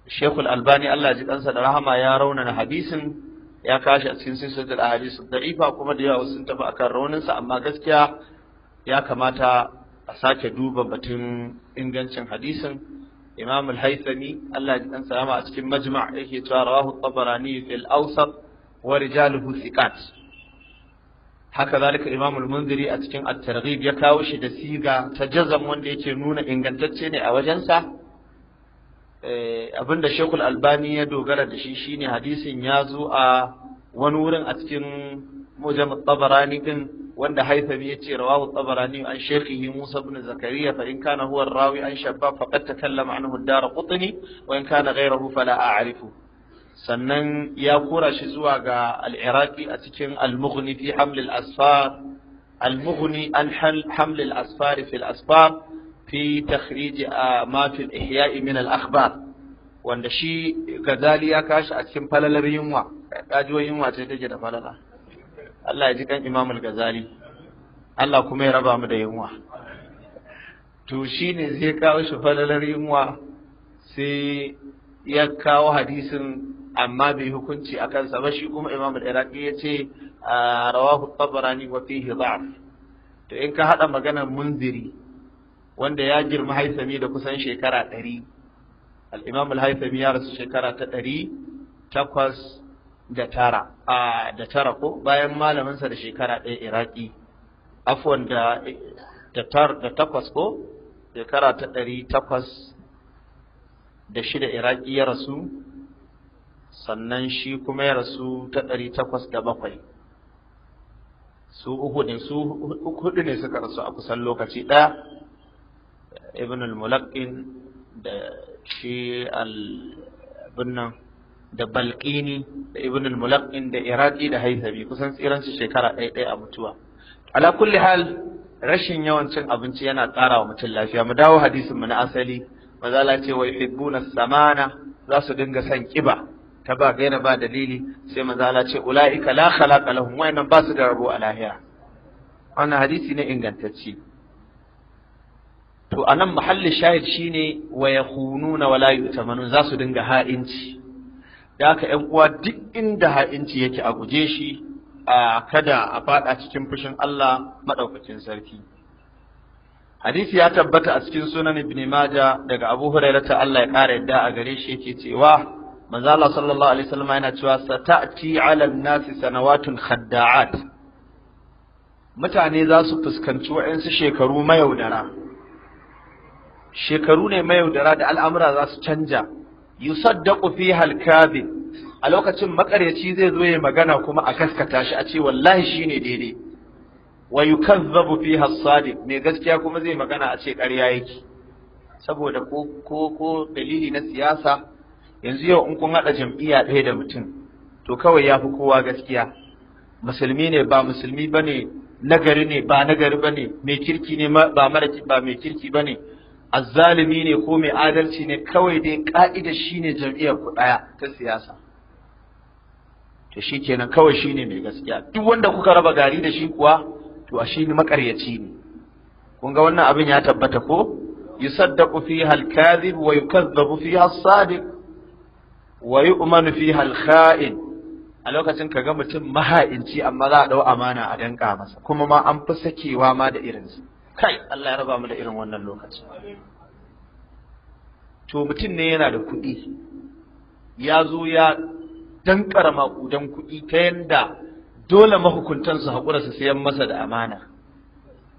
Sheikhul Albani Allah ji kansa da rahama ya raunana hadisin ya kashi a cikin silsilar ahadith da'ifa kuma da yawa sun tafi akan rauninsa amma gaskiya ya kamata a sake duba batun ingancin hadisin imam al-haythami Allah ya dan salama a cikin majma' yake cewa rawahu tabarani fil awsat wa rijaluhu thiqat haka zalika imam al-munziri a cikin at-targhib ya kawo shi da siga ta jazam wanda yake nuna ingantacce ne a wajensa eh, abinda shekul albani ya dogara da shi shine hadisin ya zo a wani wurin a cikin mujam at-tabarani wanda haifami yace rawahu at-tabarani an shaykhihi Musa ibn Zakariya fa in kana huwa ar-rawi an shabab faqad takallama anhu ad-Darqutni wa in kana ghayruhu fala a'rifu sannan ya kurashi zuwa ga al-Iraqi a cikin al fi haml asfar al an haml al fi asfar fi takhrij ma fi al-ihya' min wanda shi gazali ya kashi a cikin falalar yunwa kajiyoyin yunwa ce da falala Allah ya ji kan Imam Al-Ghazali Allah kuma ya raba mu da yunwa to shine zai kawo shi falalar yunwa sai ya kawo hadisin amma bai hukunci a kansa ba shi kuma Imam Al-Iraqi ya ce rawahu Tabarani wa fihi da'f to in ka hada maganar munziri wanda ya girma haisami da kusan shekara ɗari al-imam al-haisami ya rasu shekara ta ɗari takwas da tara a da tara ko bayan malaminsa da shekara ɗaya iraki afwan da da takwas ko shekara ta ɗari takwas da shida iraki ya rasu sannan shi kuma ya rasu ta ɗari takwas da bakwai su uku ne su hudu ne suka rasu a kusan lokaci ɗaya ibn al-mulaqin da shi al-binnan da balkini da ibn al-mulaqin da iraqi da haithabi kusan tsiran su shekara ɗaya ɗaya a mutuwa ala kulli hal rashin yawan cin abinci yana ƙara wa mutum lafiya mu dawo hadisin mu na asali mazala ce wa yuhibbuna samana za su dinga san kiba ta ba gaira ba dalili sai mazala ce ulaika la khalaqa lahum wa ba su da rabo a lahiya wannan hadisi ne ingantacce to anan muhallin shahid shine wa yakhununa wala yutamanu za su dinga ha'inci da haka ‘yan uwa duk inda ha'inci yake a guje shi a kada a faɗa cikin fushin Allah madaukakin sarki. Hadisi ya tabbata a cikin sunan Ibn Majah daga Abu Hurairah ta Allah ya ƙara yadda a gare shi yake cewa manzo Allah sallallahu alaihi wasallam yana cewa sata'ti 'ala an-nasi sanawatun khadda'at mutane za su fuskanci wa'ansu shekaru mayaudara shekaru ne mayaudara da al'amura za su canja yusaddaqu fiha al-kadhib a lokacin makaryaci zai zo ya magana kuma a kaskata shi a ce wallahi shine daidai wa yukazzabu fiha as-sadiq mai gaskiya kuma zai magana a ce ƙarya yake saboda ko ko ko dalili na siyasa yanzu yau in kun haɗa jam'iyya ɗaya da mutum to kawai ya fi kowa gaskiya musulmi ne ba musulmi bane nagari ne ba nagari bane mai kirki ne ba mara ba mai kirki ba azzalimi ne ko mai adalci ne kawai dai ka'ida shine jam'iyyar ku ɗaya ta siyasa to shi kenan kawai shine mai gaskiya duk wanda kuka raba gari da shi kuwa to a shi makaryaci ne kun ga wannan abin ya tabbata ko yusaddaqu fiha al-kadhib wa yukazzabu fiha as-sadiq wa yu'manu fiha al-kha'in a lokacin ka ga mutum maha'inci amma za a dau amana a danka masa kuma ma an fi sakewa ma da irinsa kai Allah ya raba mu da irin wannan lokaci to mutum ne yana da kuɗi ya zo ya dankara maƙudan kuɗi ta yanda dole mahukuntan su haƙura su sayan masa da amana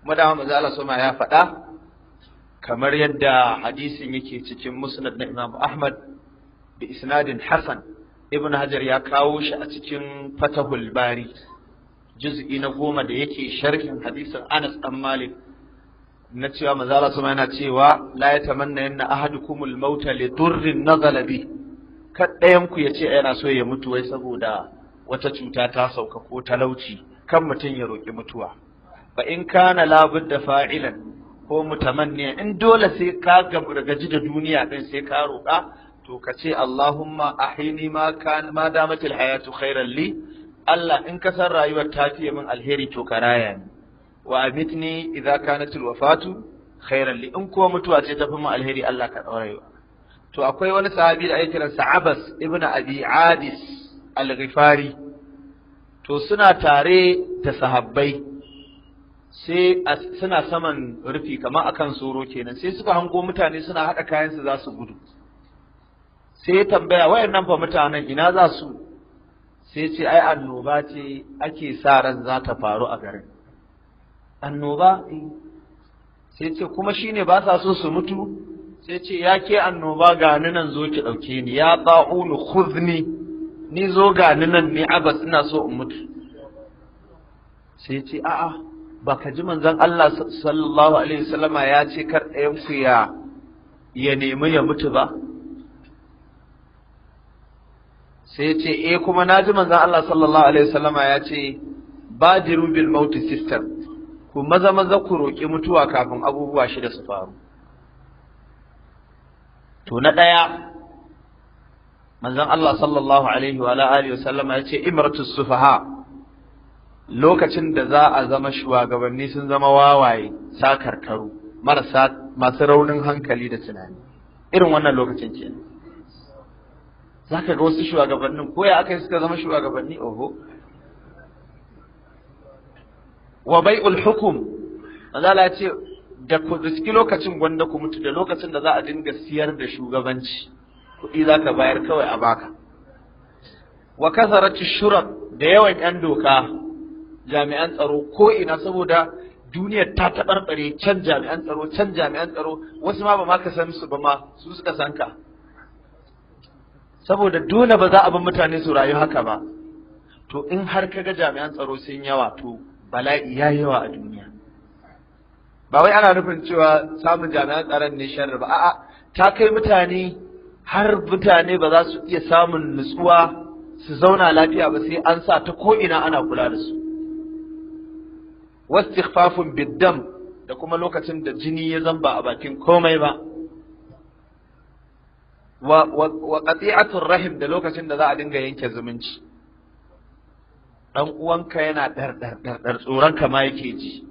madawa manzo Allah sama ya faɗa kamar yadda hadisin yake cikin musnad na Imam Ahmad bi isnadin Hasan Ibn Hajar ya kawo shi a cikin Fatahul Bari juz'i na goma da yake sharhin hadisin Anas dan Malik na cewa manzo Allah sama yana cewa la tamanna yanna ahadukumul mauta li durrin nazala bi kad ku yace yana so ya mutu wai saboda wata cuta ta sauka ko talauci kan mutum ya roki mutuwa Ba in kana la budda fa'ilan ko mutamanniya in dole sai ka gaji da duniya din sai ka roka to ka ce Allahumma ahini ma kan ma damatil hayatu khairan li Allah in ka san rayuwar ta fiye min alheri to ka raya ni wa amitni idza kanat alwafatu khairan li in kuwa mutuwa ce ta fi mu alheri Allah ka tsawarewa to akwai wani sahabi da ake kiransa Abbas ibn Abi Adis al-Ghifari to suna tare da sahabbai sai suna saman rufi kamar akan soro kenan sai suka hango mutane suna haɗa kayansu za su gudu sai ya tambaya wayannan fa mutanen ina za su sai ce ai annoba ce ake sa ran za ta faru a garin annoba sai ce kuma shine ba sa so su mutu sai ce ya ke annoba ga ni nan zo ki ɗauke ni ya ta'unu khuzni ni zo ga ni nan ni abas ina so in mutu sai ce a'a ba ka ji manzon Allah sallallahu alaihi wasallama ya ce kar ɗayan ku ya ya nemi ya mutu ba sai ce eh kuma na ji manzon Allah sallallahu alaihi wasallama ya ce badiru bil mautu system ku maza maza ku roƙi mutuwa kafin abubuwa shida su faru to na ɗaya manzon Allah sallallahu alaihi wa alihi wasallama ya ce imratu sufaha lokacin da za a zama shugabanni sun zama wawaye sakarkaru marasa masu raunin hankali da tunani irin wannan lokacin kenan zaka ga wasu shugabannin ko ya aka yi suka zama shugabanni oho wa bai'ul hukum Allah ya ce da ku ziki lokacin gwanda ku mutu da lokacin da za a dinga siyar da shugabanci kuɗi za ka bayar kawai a baka wa kasarati shurat da yawan yan doka jami'an tsaro ko ina saboda duniyar ta taɓarɓare can jami'an tsaro can jami'an tsaro wasu ma ba ma ka san su ba ma su suka san ka saboda dole ba za a bar mutane su rayu haka ba to in har ga jami'an tsaro sun yawa to bala'i ya yawa a duniya ba wai ana nufin cewa samun jami'an tsaron ne shan ba a'a ta kai mutane har mutane ba za su iya samun nutsuwa su zauna lafiya ba sai an sa ta ko'ina ana kula da su Wasu wastighfafun biddam da kuma lokacin da jini ya zamba a bakin komai ba wa qati'atur rahim da lokacin da za a dinga yanke zumunci ɗan uwanka yana ɗarɗarɗarɗar tsoron kama yake ji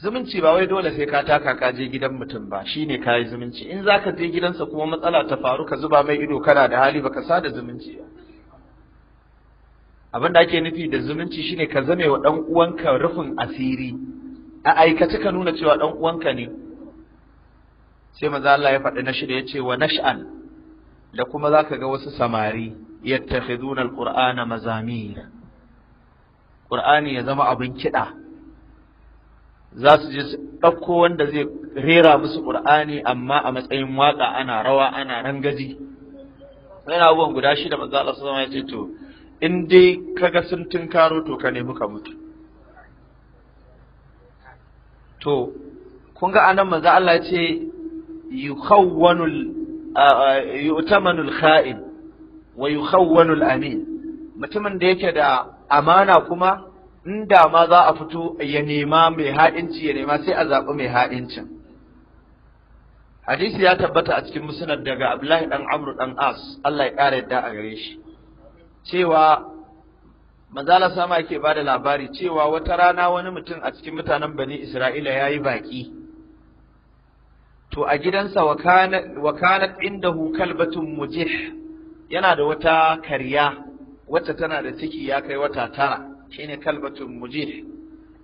zumunci ba wai dole sai ka taka ka je gidan mutum ba shine ka yi zumunci in za ka je gidansa kuma matsala ta faru ka zuba mai ido kana da hali baka sada zumunci ba abin da ake nufi da zumunci shine ka zame wa ɗan uwanka rufin asiri a aikace ka nuna cewa ɗan uwanka ne sai maza Allah ya faɗi na shida ya ce wa nash'an da kuma za ka ga wasu samari yattakhiduna alqur'ana mazamir qur'ani ya zama abin kiɗa za su je ɗauko wanda zai rera musu qur'ani amma a matsayin waka ana rawa ana rangaji yana abubuwan guda shida manzo Allah sallallahu alaihi wasallam ya ce to in dai kaga sun tunkaro to ka nemi ka mutu to kun ga anan manzo Allah ya ce yukhawwanul yu'tamanul kha'in wa yukhawwanu amin mutumin da yake da amana kuma inda ma za a fito ya nema mai ha'inci ya nema sai a zaɓi mai ha'incin hadisi ya tabbata a cikin musnad daga Abdullahi dan Amr dan As Allah ya ƙara yadda a gare shi cewa manzala sama yake ba da labari cewa wata rana wani mutum a cikin mutanen bani Isra'ila ya yi baƙi to a gidansa wa kanat indahu kalbatun mujih yana da wata kariya, wacce tana da ciki ya kai wata tara shine kalbatun mujir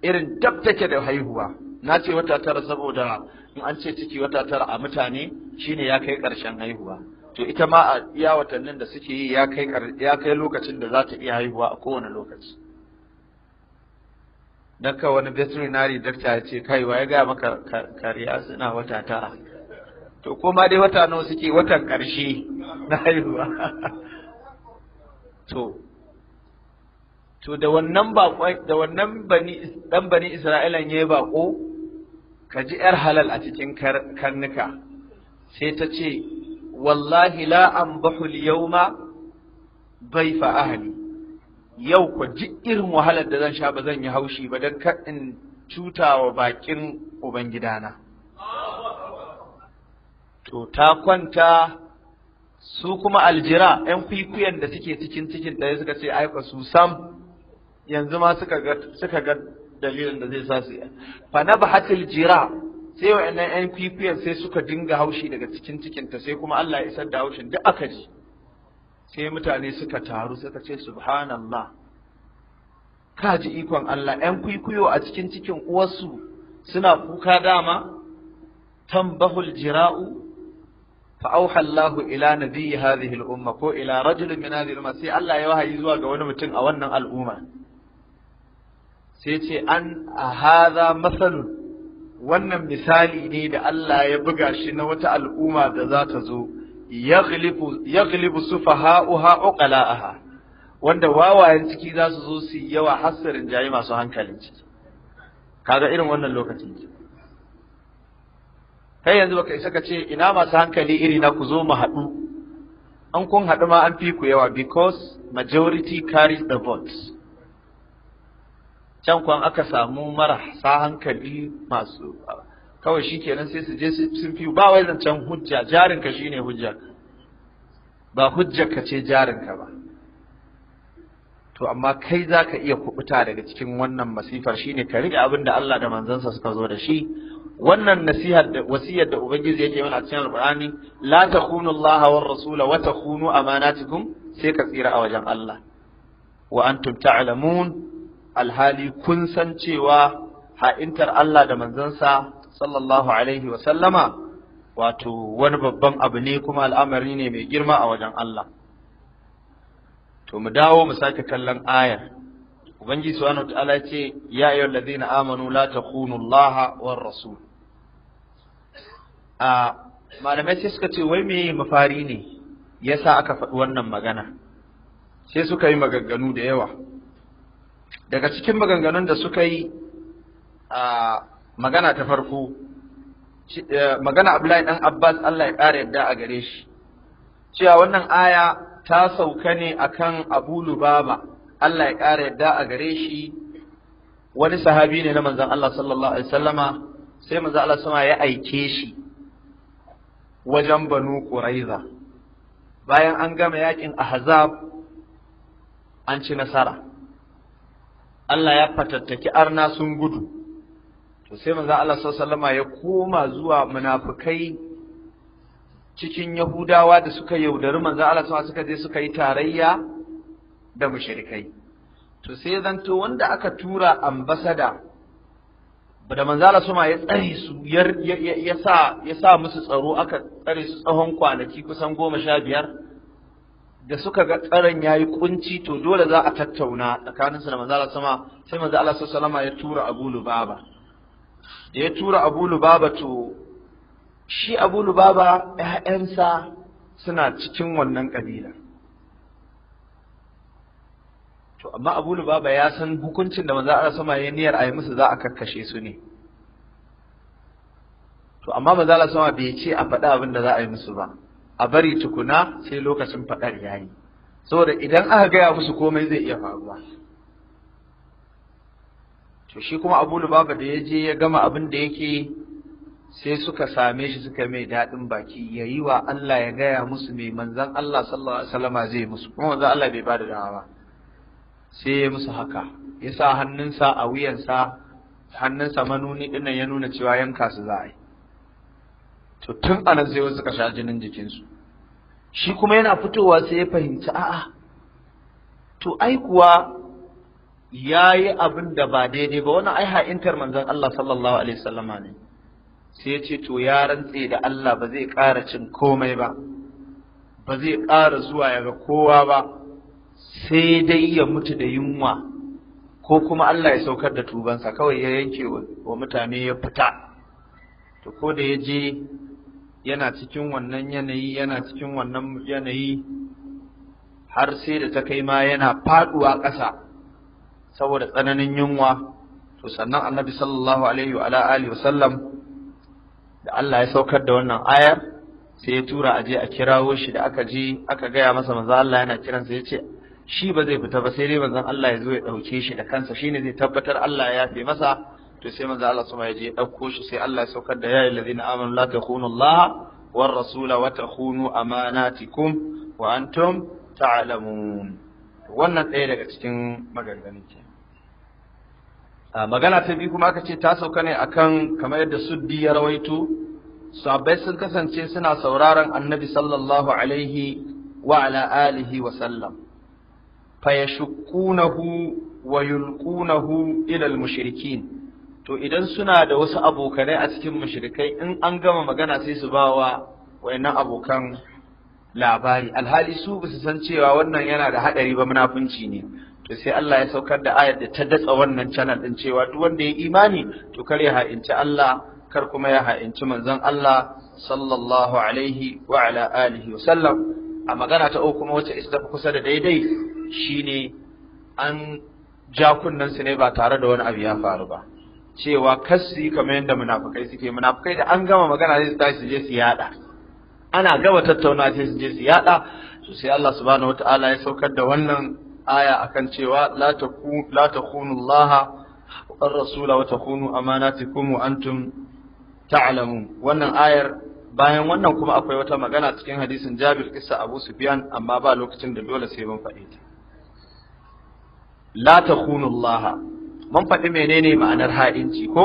irin dab take da haihuwa na ce wata tara saboda in an ce ciki wata tara a mutane shine ya kai ƙarshen haihuwa to ita ma a iya watannin da suke yi ya kai lokacin da za ta iya haihuwa a kowane lokaci dan ka wani veterinary doctor ya ce kai wa ya ga maka kariya suna wata tara to koma dai wata nawa suke watan ƙarshe na haihuwa to to da wannan da wannan bani dan bani Isra'ilan yayi baƙo ka ji yar halal a cikin karnuka sai ta ce wallahi la anbahu ma yawma baifa ahli yau ku ji irin wahalar da zan sha ba zan yi haushi ba dan kar in cutawa bakin ubangidana to ta kwanta su kuma aljira ‘yan kwikwiyan da suke cikin cikin ɗaya suka ce aika su sam yanzu ma suka ga dalilin da zai sa su fa na bahatil jira sai wa'annan ‘yan kwikwiyan sai suka dinga haushi daga cikin cikinta sai kuma Allah ya isar da haushin duk aka ji sai mutane suka taru suka ce subhanallah ka ji ikon Allah ‘yan kwikwiyo a cikin cikin uwarsu suna kuka dama tambahul jira'u فأوحى الله إلى نبي هذه الأمة ko إلى رجل من هذه الأمة سي الله يوحي زوا ga wani mutum a wannan al'umma sai ce an hadha masalun wannan misali ne da Allah ya buga shi na wata al'umma da za ta zo yaghlibu yaghlibu sufaha'uha uqala'aha wanda wawayen ciki za su zo su yawa hassarin jayi masu hankalin ciki kaga irin wannan lokacin kai yanzu baka isa ka ce ina masu hankali iri na ku zo mu haɗu an kun haɗu ma an fi ku yawa because majority carries the votes can kwan aka samu marasa hankali masu kawai shi kenan sai su je sun fi ba wai zancen hujja jarinka shine hujja. ba ka ce jarinka ba to amma kai za ka iya kubuta daga cikin wannan masifar shine ka rike abin da Allah da manzansa suka zo da shi wannan nasihar da wasiyar da ubangiji yake mana a cikin alqur'ani la takhunu allaha wa rasula wa takhunu amanatikum sai ka tsira a wajen Allah wa antum ta'lamun alhali kun san cewa ha'intar Allah da manzansa sallallahu alaihi wa sallama wato wani babban abu ne kuma al'amari ne mai girma a wajen Allah to mu dawo mu sake kallon ayar ubangiji subhanahu wa ta'ala ce ya ayyuhallazina amanu la takhunu allaha war rasul a malamai sai suka ce wai me mafari ne yasa aka faɗi wannan magana sai suka yi maganganu da yawa daga cikin maganganun da suka yi a magana ta farko eh, magana Abdullahi dan Abbas Allah ya ƙara yadda a gare shi cewa wannan aya ta sauka ne akan Abu Lubaba Allah ya ƙara yadda a gare shi wani sahabi ne na manzon Allah sallallahu alaihi wasallama sai manzon Allah sama ya aike shi wajen banu ƙuraiza bayan an gama yakin ahzab an ci nasara Allah ya fatattaki arna sun gudu to sai manzo Allah sallallahu ya koma zuwa munafukai cikin Yahudawa da suka yaudari manzo Allah sallallahu suka je suka yi tarayya da mushrikai to sai zanto wanda aka tura ambasada da manzala suma ya tsare su ya sa ya sa musu tsaro aka tsare su tsawon kwanaki kusan goma sha biyar da suka ga tsaron yayi kunci to dole za a tattauna tsakanin su da manzala Suma sai manzala sallama ya tura Abu da ya tura Abu Lubaba to shi Abu Lubaba ƴaƴansa suna cikin wannan kabilar to amma Abu Lubaba ya san hukuncin da manzo Allah sama ya niyyar a musu za a kakkashe su ne to amma manzo Allah sama bai ce a faɗa abin da za a yi musu ba a bari tukuna sai lokacin faɗar yayi saboda idan aka gaya musu komai zai iya faruwa to shi kuma Abu Lubaba da ya je ya gama abin da yake sai suka same shi suka mai daɗin baki ya yi wa Allah ya gaya musu mai manzan Allah sallallahu alaihi wasallama zai musu kuma manzan Allah bai ba da dama ba sai ya musu haka ya sa hannunsa a wuyansa hannunsa manuni dinnan ya nuna cewa yanka su za a yi to tun anan sai wasu suka sha jinin jikinsu shi kuma yana fitowa sai ya fahimci a'a to ai kuwa ya yi abin da ba daidai ba wani aiha intar manzan Allah sallallahu alaihi wasallama ne sai ya ce to ya rantse da Allah ba zai ƙara cin komai ba ba zai ƙara zuwa ya ga kowa ba sai dai ya mutu da yunwa ko kuma Allah ya saukar da tubansa kawai ya yanke wa mutane ya fita to ko da ya je yana cikin wannan yanayi yana cikin wannan yanayi har sai da ta kai ma yana faduwa ƙasa saboda tsananin yunwa to sannan annabi sallallahu alaihi wa alihi wasallam da Allah ya saukar da wannan ayar sai ya tura aje a kirawo shi da aka je aka gaya masa manzo Allah yana kiransa ya ce shi ba zai fita ba sai dai manzon Allah ya zo ya dauke shi da kansa shine zai tabbatar Allah ya yafe masa to sai manzon Allah sama ya je ya dauko shi sai Allah ya saukar da ya ayyuhallazina amanu la takhunu Allah war rasula wa ta takhunu amanatikum wa antum ta'lamun wannan ɗaya daga cikin maganganun ke magana ta biyu kuma aka ce ta sauka ne akan kamar yadda suddi ya rawaito sahabbai sun kasance suna sauraron annabi sallallahu alaihi wa ala alihi wa sallam fayashqunahu wa yulqunahu ila mushrikin to idan suna da wasu abokanai a cikin mushrikai in an gama magana sai su ba wa wayannan abokan labari alhali su ba su san cewa wannan yana da hadari ba munafunci ne to sai Allah ya saukar da ayar da ta datsa wannan channel din cewa duk wanda ya imani to kar ya ha'inci Allah kar kuma ya ha'inci manzon Allah sallallahu alaihi wa ala alihi wa sallam a magana ta uku kuma wacce ita kusa da daidai Shi ne an ja kunnansu ne ba tare da wani abu ya faru ba cewa yi kamar yadda munafukai suke munafukai da an gama magana zai su su je su yada ana gama tattauna sai su je su yada su sai Allah subhanahu wataala ya saukar da wannan aya akan cewa la taku la takunu Allah war rasula wa takunu amanatikum wa antum ta'lamun wannan ayar bayan wannan kuma akwai wata magana cikin hadisin Jabir kisa Abu Sufyan amma ba lokacin da dole sai mun faɗi ta la takhunullaha mun faɗi menene ma'anar ha'inci ko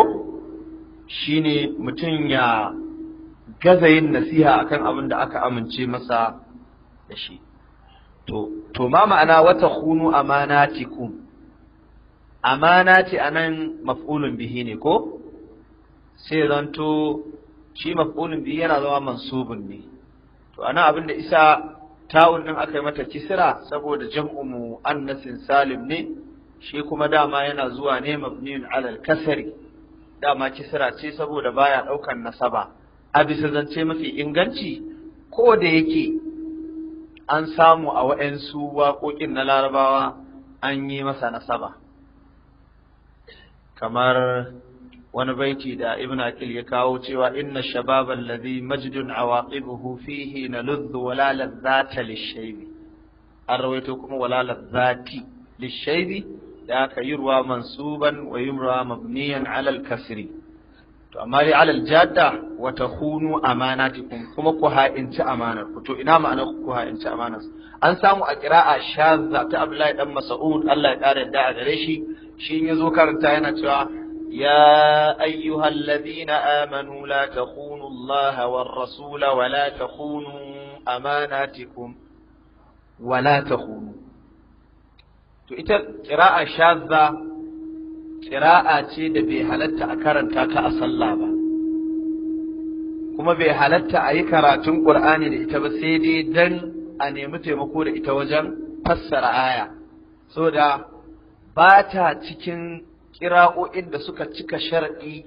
shine mutum ya gaza yin nasiha akan abin da aka amince masa da shi to to ma ma'ana wata khunu amanatikum amanati anan maf'ulun bihi ne ko sai zanto shi maf'ulun bihi yana zama mansubun ne to ana abin da isa tawun din aka yi mata kisra saboda jam'u mu annasin salim ne shi kuma dama yana zuwa ne mabniyun alal kasari dama kisra ce saboda baya ɗaukan nasaba a bisa zance mafi inganci ko da yake an samu a waɗansu waƙoƙin na larabawa an yi masa nasaba kamar wani baiti da ibn Akil ya kawo cewa inna shabab alladhi majdun awaqibuhu fihi naludhu wala ladzata lishaybi an rawaito kuma wala ladzati lishaybi da aka yi ruwa mansuban wa yi ruwa mabniyan alal kasri to amma dai alal jadda wa tahunu amanatikum kuma ku ha'inci amanar ku to ina ma'anar ku ha'inci amanar an samu a qira'a shazza ta Abdullahi dan Mas'ud Allah ya kare da a gare shi shi ya zo karanta yana cewa ya ayyuhal ladina amanu la takhunu Allah war rasula wa la takhunu amanatikum wa la takhunu to ita ƙira'a shazza ƙira'a ce da bai halatta a karanta ta a sallah ba kuma bai halatta a yi karatun ƙur'ani da ita ba sai dai dan a nemi taimako da ita wajen fassara aya saboda ba ta cikin ƙira'o'in da suka cika sharaɗi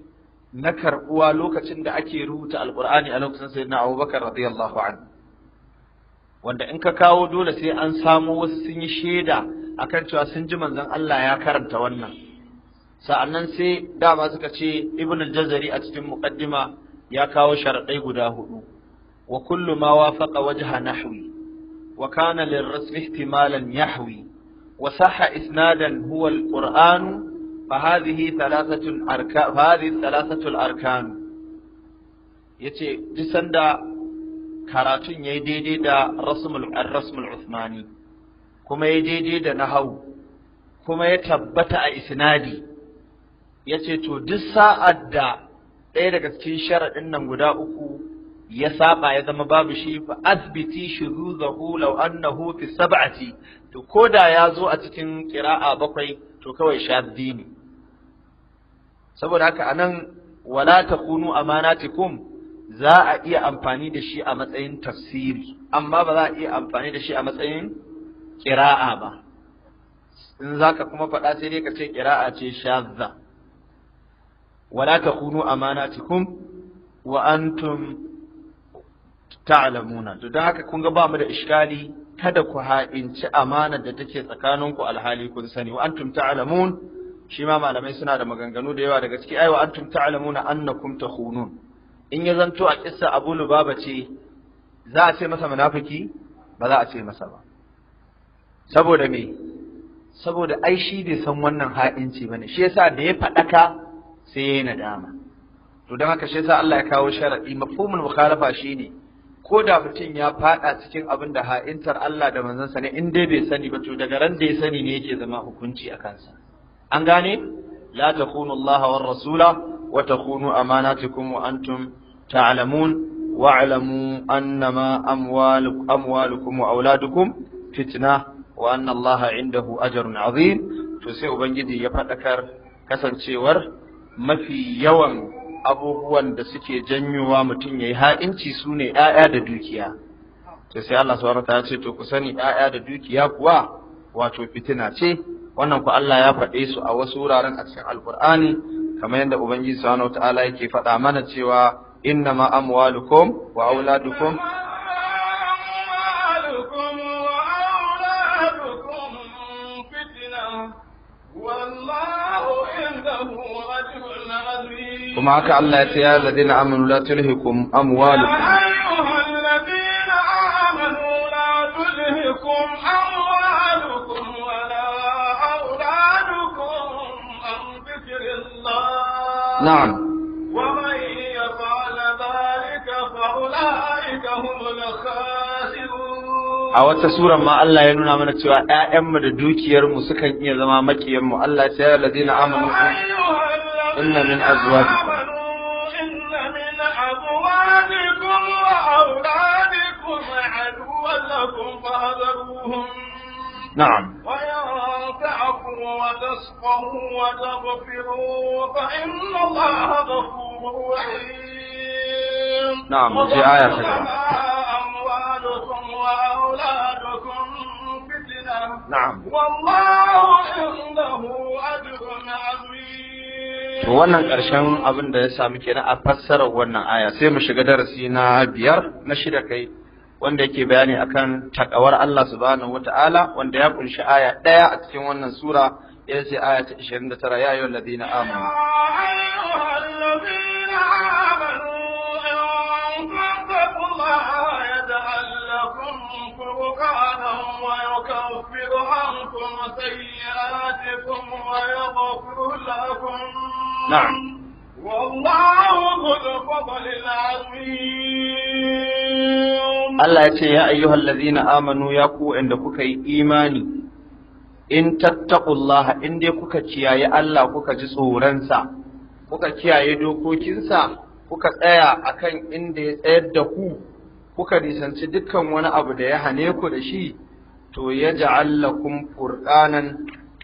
na karɓuwa lokacin da ake rubuta alƙur'ani a lokacin sai na abubakar radiyallahu anhu. wanda in ka kawo dole sai an samo wasu sun yi shaida akan cewa sun ji manzon Allah ya karanta wannan sa'annan sai dama suka ce ibn al-jazari a cikin muqaddima ya kawo sharadai guda hudu wa kullu ma wafaqa wajha nahwi wa kana lirrasmi ihtimalan yahwi wa sahha isnadan huwa al-qur'an فهذه ثلاثة أركان فهذه ثلاثة yace يتي karatun ya yi daidai da rasmul Uthmani kuma ya daidai da na hau, kuma ya tabbata a isnadi ya ce to duk sa'ad da ɗaya daga cikin sharaɗin nan guda uku ya saba ya zama babu shi fa azbiti shuruzahu law annahu fi sab'ati to koda ya zo a cikin qira'a bakwai to kawai shaddi ne saboda haka anan wala takunu amanatikum za a iya amfani da shi a matsayin tafsiri amma ba za a iya amfani da shi a matsayin ƙira'a ba in za ka kuma faɗa sai dai ka ce ƙira'a ce shazza wala ta kunu amanatikum wa antum ta'lamuna to don haka kun ga ba mu da iskali kada ku ha'inci amanar da take tsakaninku alhali kun sani wa antum ta'lamun shi ma malamai suna da maganganu da yawa daga ciki ai wa antum ta'lamuna annakum takhunun in ya zanto a kissa Abu Lubaba ce za a ce masa munafiki ba za a ce masa ba saboda me saboda ai shi bai san wannan ha'inci bane shi yasa da ya faɗaka sai yi nadama to don haka shi yasa Allah ya kawo sharadi mafhumul mukhalafa shine ko da mutum ya faɗa cikin abin da ha'intar Allah da manzansa ne in dai bai sani ba to daga ran da ya sani ne yake zama hukunci a kansa an gane la takunu Allah war rasula wa takunu amanatukum wa antum ta'lamun wa'lamu annama amwalukum wa auladukum wa anna Allah indahu ajrun azim to sai ubangiji ya faɗakar kasancewar mafi yawan abubuwan da suke janyowa mutum yayi ha'inci sune ƴaƴa da dukiya to sai Allah subhanahu wa ta'ala ce to ku sani ƴaƴa da dukiya kuwa wato fitina ce wannan ku Allah ya faɗe su a wasu wuraren a cikin alkur'ani kamar yadda ubangiji subhanahu wa ta'ala yake faɗa mana cewa innama amwalukum wa auladukum kuma haka Allah ya ce ya ladina amanu la tulhikum amwalukum نعم ومن يفعل a wata sura ma Allah ya nuna mana cewa ‘ya'yanmu da dukiyarmu sukan iya zama makiyanmu Allah ya ce ya ladina amanu إلا من أزواجكم إن من أزواجكم وأولادكم عدوا لكم فاحذروهم نعم وإن تعفوا وتسقوا وتغفروا فإن الله غفور رحيم نعم وفي آية أخرى أموالكم وأولادكم فتنة نعم والله عنده أجر عظيم to wannan ƙarshen abin da ya sami kenan a fassarar wannan aya sai mu shiga darasi na biyar na shida kai wanda yake bayani akan takawar Allah subhanahu wata'ala wanda ya kunshi aya ɗaya a cikin wannan sura ya ce aya ta 29 ya ayyuhal ladina amanu فرقانا ويكفر عنكم سيئاتكم ويغفر لكم نعم والله ya ya العظيم ya يتي يا Amanu ya آمنوا inda kuka yi imani in tattakullaha in dai kuka ciyayi Allah kuka ji tsoronsa kuka kiyaye dokokinsa kuka tsaya a kan inda ya tsayar da ku kuka nisanci dukkan wani abu da ya hane ku da shi to ya ja'al lakum furqanan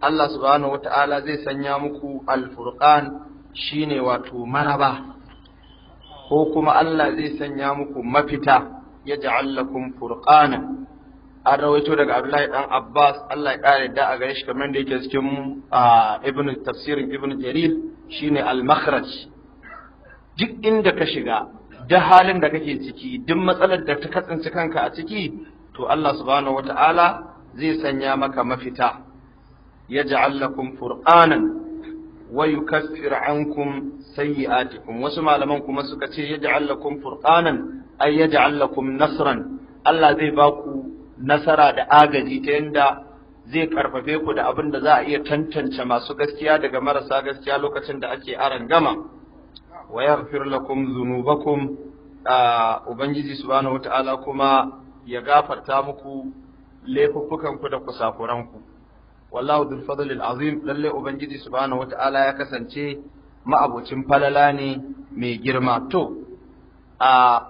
Allah subhanahu wata'ala zai sanya muku alfurqan shine wato maraba ko kuma Allah zai sanya muku mafita ya ja'allakum furqana an rawaito daga Abdullahi dan Abbas Allah ya kare da a gare shi kamar da yake cikin ibn tafsirin ibn Jarir shine al-makhraj duk inda ka shiga da halin da kake ciki duk matsalar da ta katsinci kanka a ciki to Allah subhanahu wata'ala zai sanya maka mafita ya ja'allakum furqanan wa yukaffir ankum sayyi'atikum wasu malaman kuma suka ce yaj'al lakum furqanan ay yaj'al lakum nasran Allah zai ba ku nasara da agaji ta yanda zai karfafe ku da abin da za a iya tantance masu gaskiya daga marasa gaskiya lokacin da ake aran gama wa yaghfir lakum dhunubakum ubangiji subhanahu wataala kuma ya gafarta muku ku da ku wallahu dhul fadlil azim lalle ubangiji subhanahu wataala ya kasance ma'abocin falala ne mai girma to a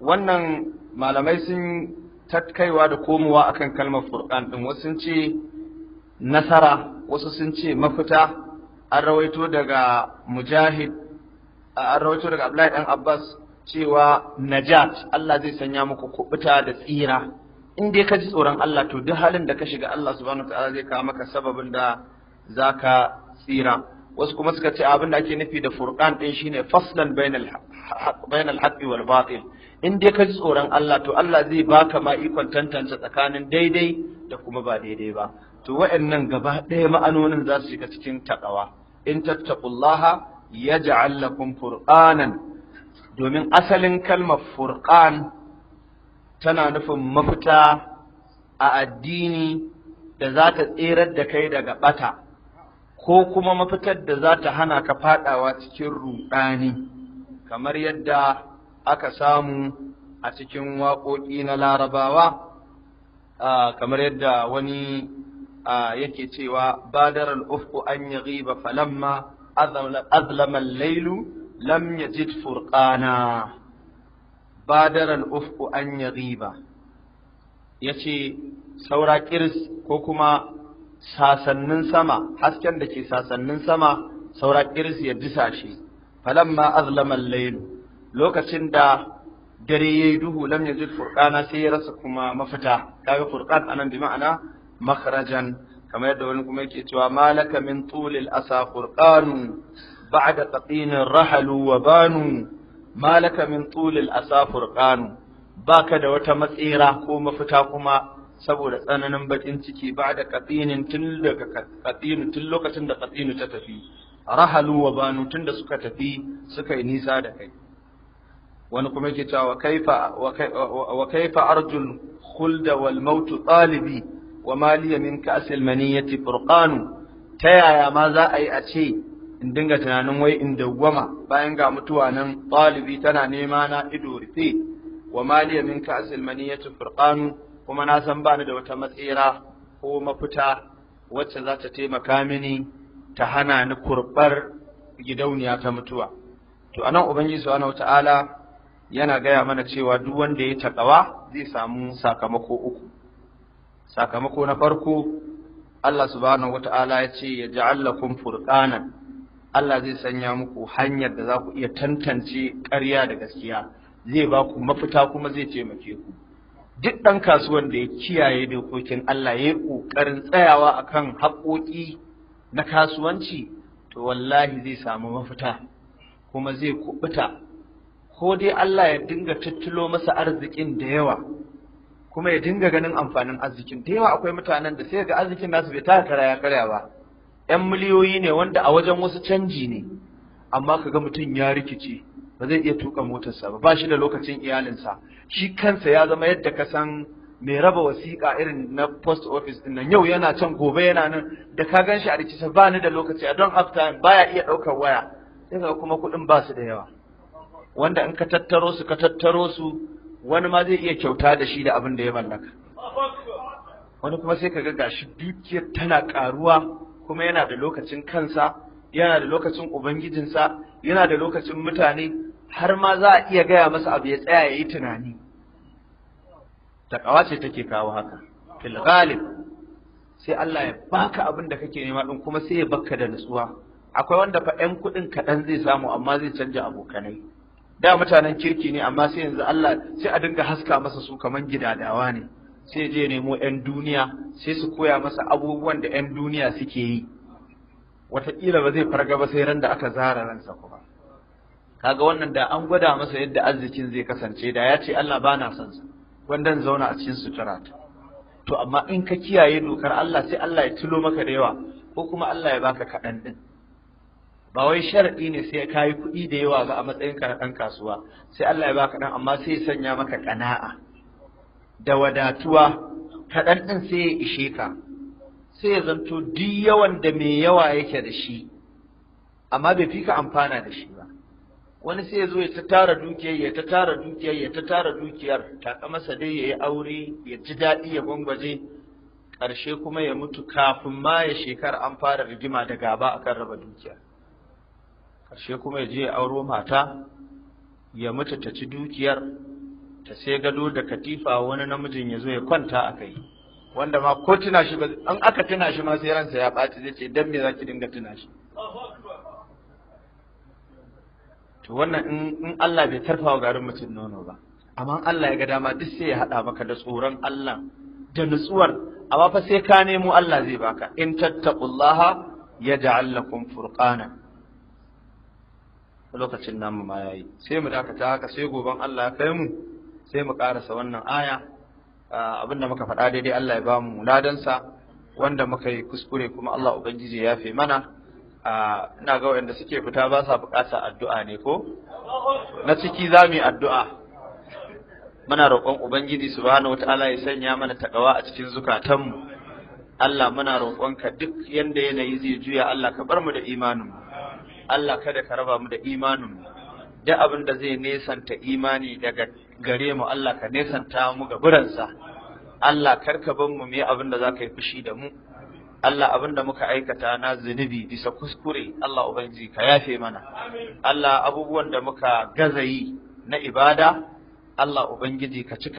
wannan malamai sun tatkaiwa da komowa akan kalmar furqan din wasu sun ce nasara wasu sun ce mafita an rawaito daga mujahid an rawaito daga abdullahi dan abbas cewa najat Allah zai sanya muku kubuta da tsira in dai ka ji tsoron Allah to duk halin da ka shiga Allah subhanahu wataala zai kawo maka sababin da zaka tsira wasu kuma suka ce abin da ake nufi da furqan din shine faslan bainal bainal haqqi wal batil in dai ka ji tsoron Allah to Allah zai baka ma ikon tantance tsakanin daidai da kuma ba daidai ba to wa'annan gaba ɗaya ma'anonin za su shiga cikin taqwa in tattaqullaha yaj'al lakum furqanan domin asalin kalmar furqan tana nufin mafita a addini da za ta tserar da kai daga ɓata ko kuma mafitar da za ta hana ka faɗawa cikin ruɗani kamar yadda aka samu a cikin waƙoƙi na larabawa kamar yadda wani yake cewa badar al'ufku an yi riba falamma azlaman lailu lam yajid furqana badar al'ufku an ya riba ya ce saura kiris ko kuma sasannin sama hasken da ke sasannin sama saura kiris ya bisa shi falamma azlaman lailu lokacin da dare ya yi duhu lam yazid sai ya rasa kuma mafita kaga furkan anan bi ma'ana makhrajan kamar yadda wani kuma yake cewa malaka min tulil asa furqanu ba'da taqinin rahalu wa banu malaka min tulil asafur qanu baka da wata matsira ko mafita kuma saboda tsananin bakin ciki ba da katsinin tun daga katsinu tun lokacin da katsinu ta tafi rahalu wa banu tun da suka tafi suka yi nisa da kai wani kuma yake cewa wa kaifa arjul khulda wal maut talibi wa maliya min ka'sil maniyati furqanu ta yaya ma za a yi a ce in dinga tunanin wai in dawwama bayan ga mutuwa nan ɗalibi tana nema na ido rufe wa maliya min ya maniyatu furqanu kuma na san bani da wata matsira ko mafita wacce za ta taimaka mini ta hana ni kurɓar gidauniya ta mutuwa to anan ubangiji subhanahu ta'ala yana gaya mana cewa duk wanda ya taƙawa zai samu sakamako uku sakamako na farko Allah subhanahu wata'ala ya ce ya ji lakum furqanan Allah zai sanya muku hanyar da za ku iya tantance ƙarya da gaskiya zai ba ku mafita kuma zai taimake ku duk ɗan kasuwan da ya kiyaye dokokin Allah ya yi ƙoƙarin tsayawa akan haƙoƙi na kasuwanci to wallahi zai samu mafita kuma zai kubuta ko dai Allah ya dinga tattulo masa arzikin da yawa kuma ya dinga ganin amfanin arzikin da yawa akwai mutanen da sai ga arzikin nasu bai taka kara ya karya ba 'yan miliyoyi ne wanda a wajen wasu canji ne amma kaga mutum ya rikice ba zai iya tuka motarsa ba ba shi da lokacin iyalinsa shi kansa ya zama yadda ka san mai raba wasiƙa irin na post office din nan yau yana can gobe yana nan da ka gan shi a rikice ba ni da lokaci a don half time baya iya ɗaukar waya sai ka kuma kuɗin ba su da yawa wanda in ka tattaro su ka tattaro su wani ma zai iya kyauta da shi da abin da ya mallaka wani kuma sai ka ga gashi dukiyar tana ƙaruwa kuma yana da lokacin kansa yana da lokacin ubangijinsa yana da lokacin mutane har ma za a iya gaya masa abu ya tsaya ya yi tunani takawa ce take kawo haka fil ghalib sai Allah ya baka abin da kake nema din kuma sai ya baka da nutsuwa akwai wanda fa ɗan kuɗin kaɗan zai samu amma zai canja abokanai da mutanen kirki ne amma sai yanzu Allah sai a dinga haska masa su kamar gidadawa ne sai je nemo 'yan duniya sai su koya masa abubuwan da 'yan duniya suke yi wataƙila ba zai farga ba sai ran da aka zara ransa kuma kaga wannan da an gwada masa yadda arzikin zai kasance da ya ce Allah ba na son sa gwandan zauna a cikin sutura ta to amma in ka kiyaye dokar Allah sai Allah ya tulo maka da yawa ko kuma Allah ya baka kaɗan ɗin ba wai sharaɗi ne sai ka yi kuɗi da yawa ba a matsayinka na ɗan kasuwa sai Allah ya baka ɗan amma sai ya sanya maka ƙana'a da wadatuwa kaɗan ɗin sai ya ishe ka sai ya zanto duk yawan da mai yawa yake da shi amma bai fi ka amfana da shi ba wani sai ya zo ya ta tara dukiyar ya ta tara dukiyar ya ta tara dukiyar ta masa dai ya yi aure ya ji daɗi ya gwangwaje ƙarshe kuma ya mutu kafin ma ya shekara an fara rigima da gaba akan raba dukiya ƙarshe kuma ya je ya auro mata ya mutu ta ci dukiyar ta sai gado da katifa wani namijin ya zo ya kwanta a kai wanda ma ko tuna shi ba an aka tuna shi ma sai ransa ya ɓaci zai ce dan me zaki dinga tuna shi to wannan in Allah bai tarfa wa garin mutum nono ba amma Allah ya ga dama duk sai ya haɗa maka da tsoron Allah da nutsuwar amma fa sai ka nemo Allah zai baka in tattaqullaha yaj'al lakum furqana lokacin namu ma yayi sai mu dakata haka sai goban Allah ya kai mu sai mu karasa wannan aya Abinda muka faɗa daidai Allah ya ba mu ladansa wanda muka yi kuskure kuma Allah ubangiji ya fi mana ina ga wanda suke fita ba sa buƙatar addu'a ne ko na ciki za mu yi addu'a muna roƙon ubangiji subhanahu wataala ya sanya mana takawa a cikin zukatanmu Allah muna roƙon ka duk yanda yanayi zai juya Allah ka bar mu da imanin Allah kada ka raba mu da imanin duk abin da zai nesanta imani daga gare mu Allah ka nesanta mu ga biransa Allah karka ban mu me abin da zaka yi fushi da mu Allah abin da muka aikata na zunubi bisa kuskure Allah ubangiji ka yafe mana Allah abubuwan da muka gazayi na ibada Allah ubangiji ka cika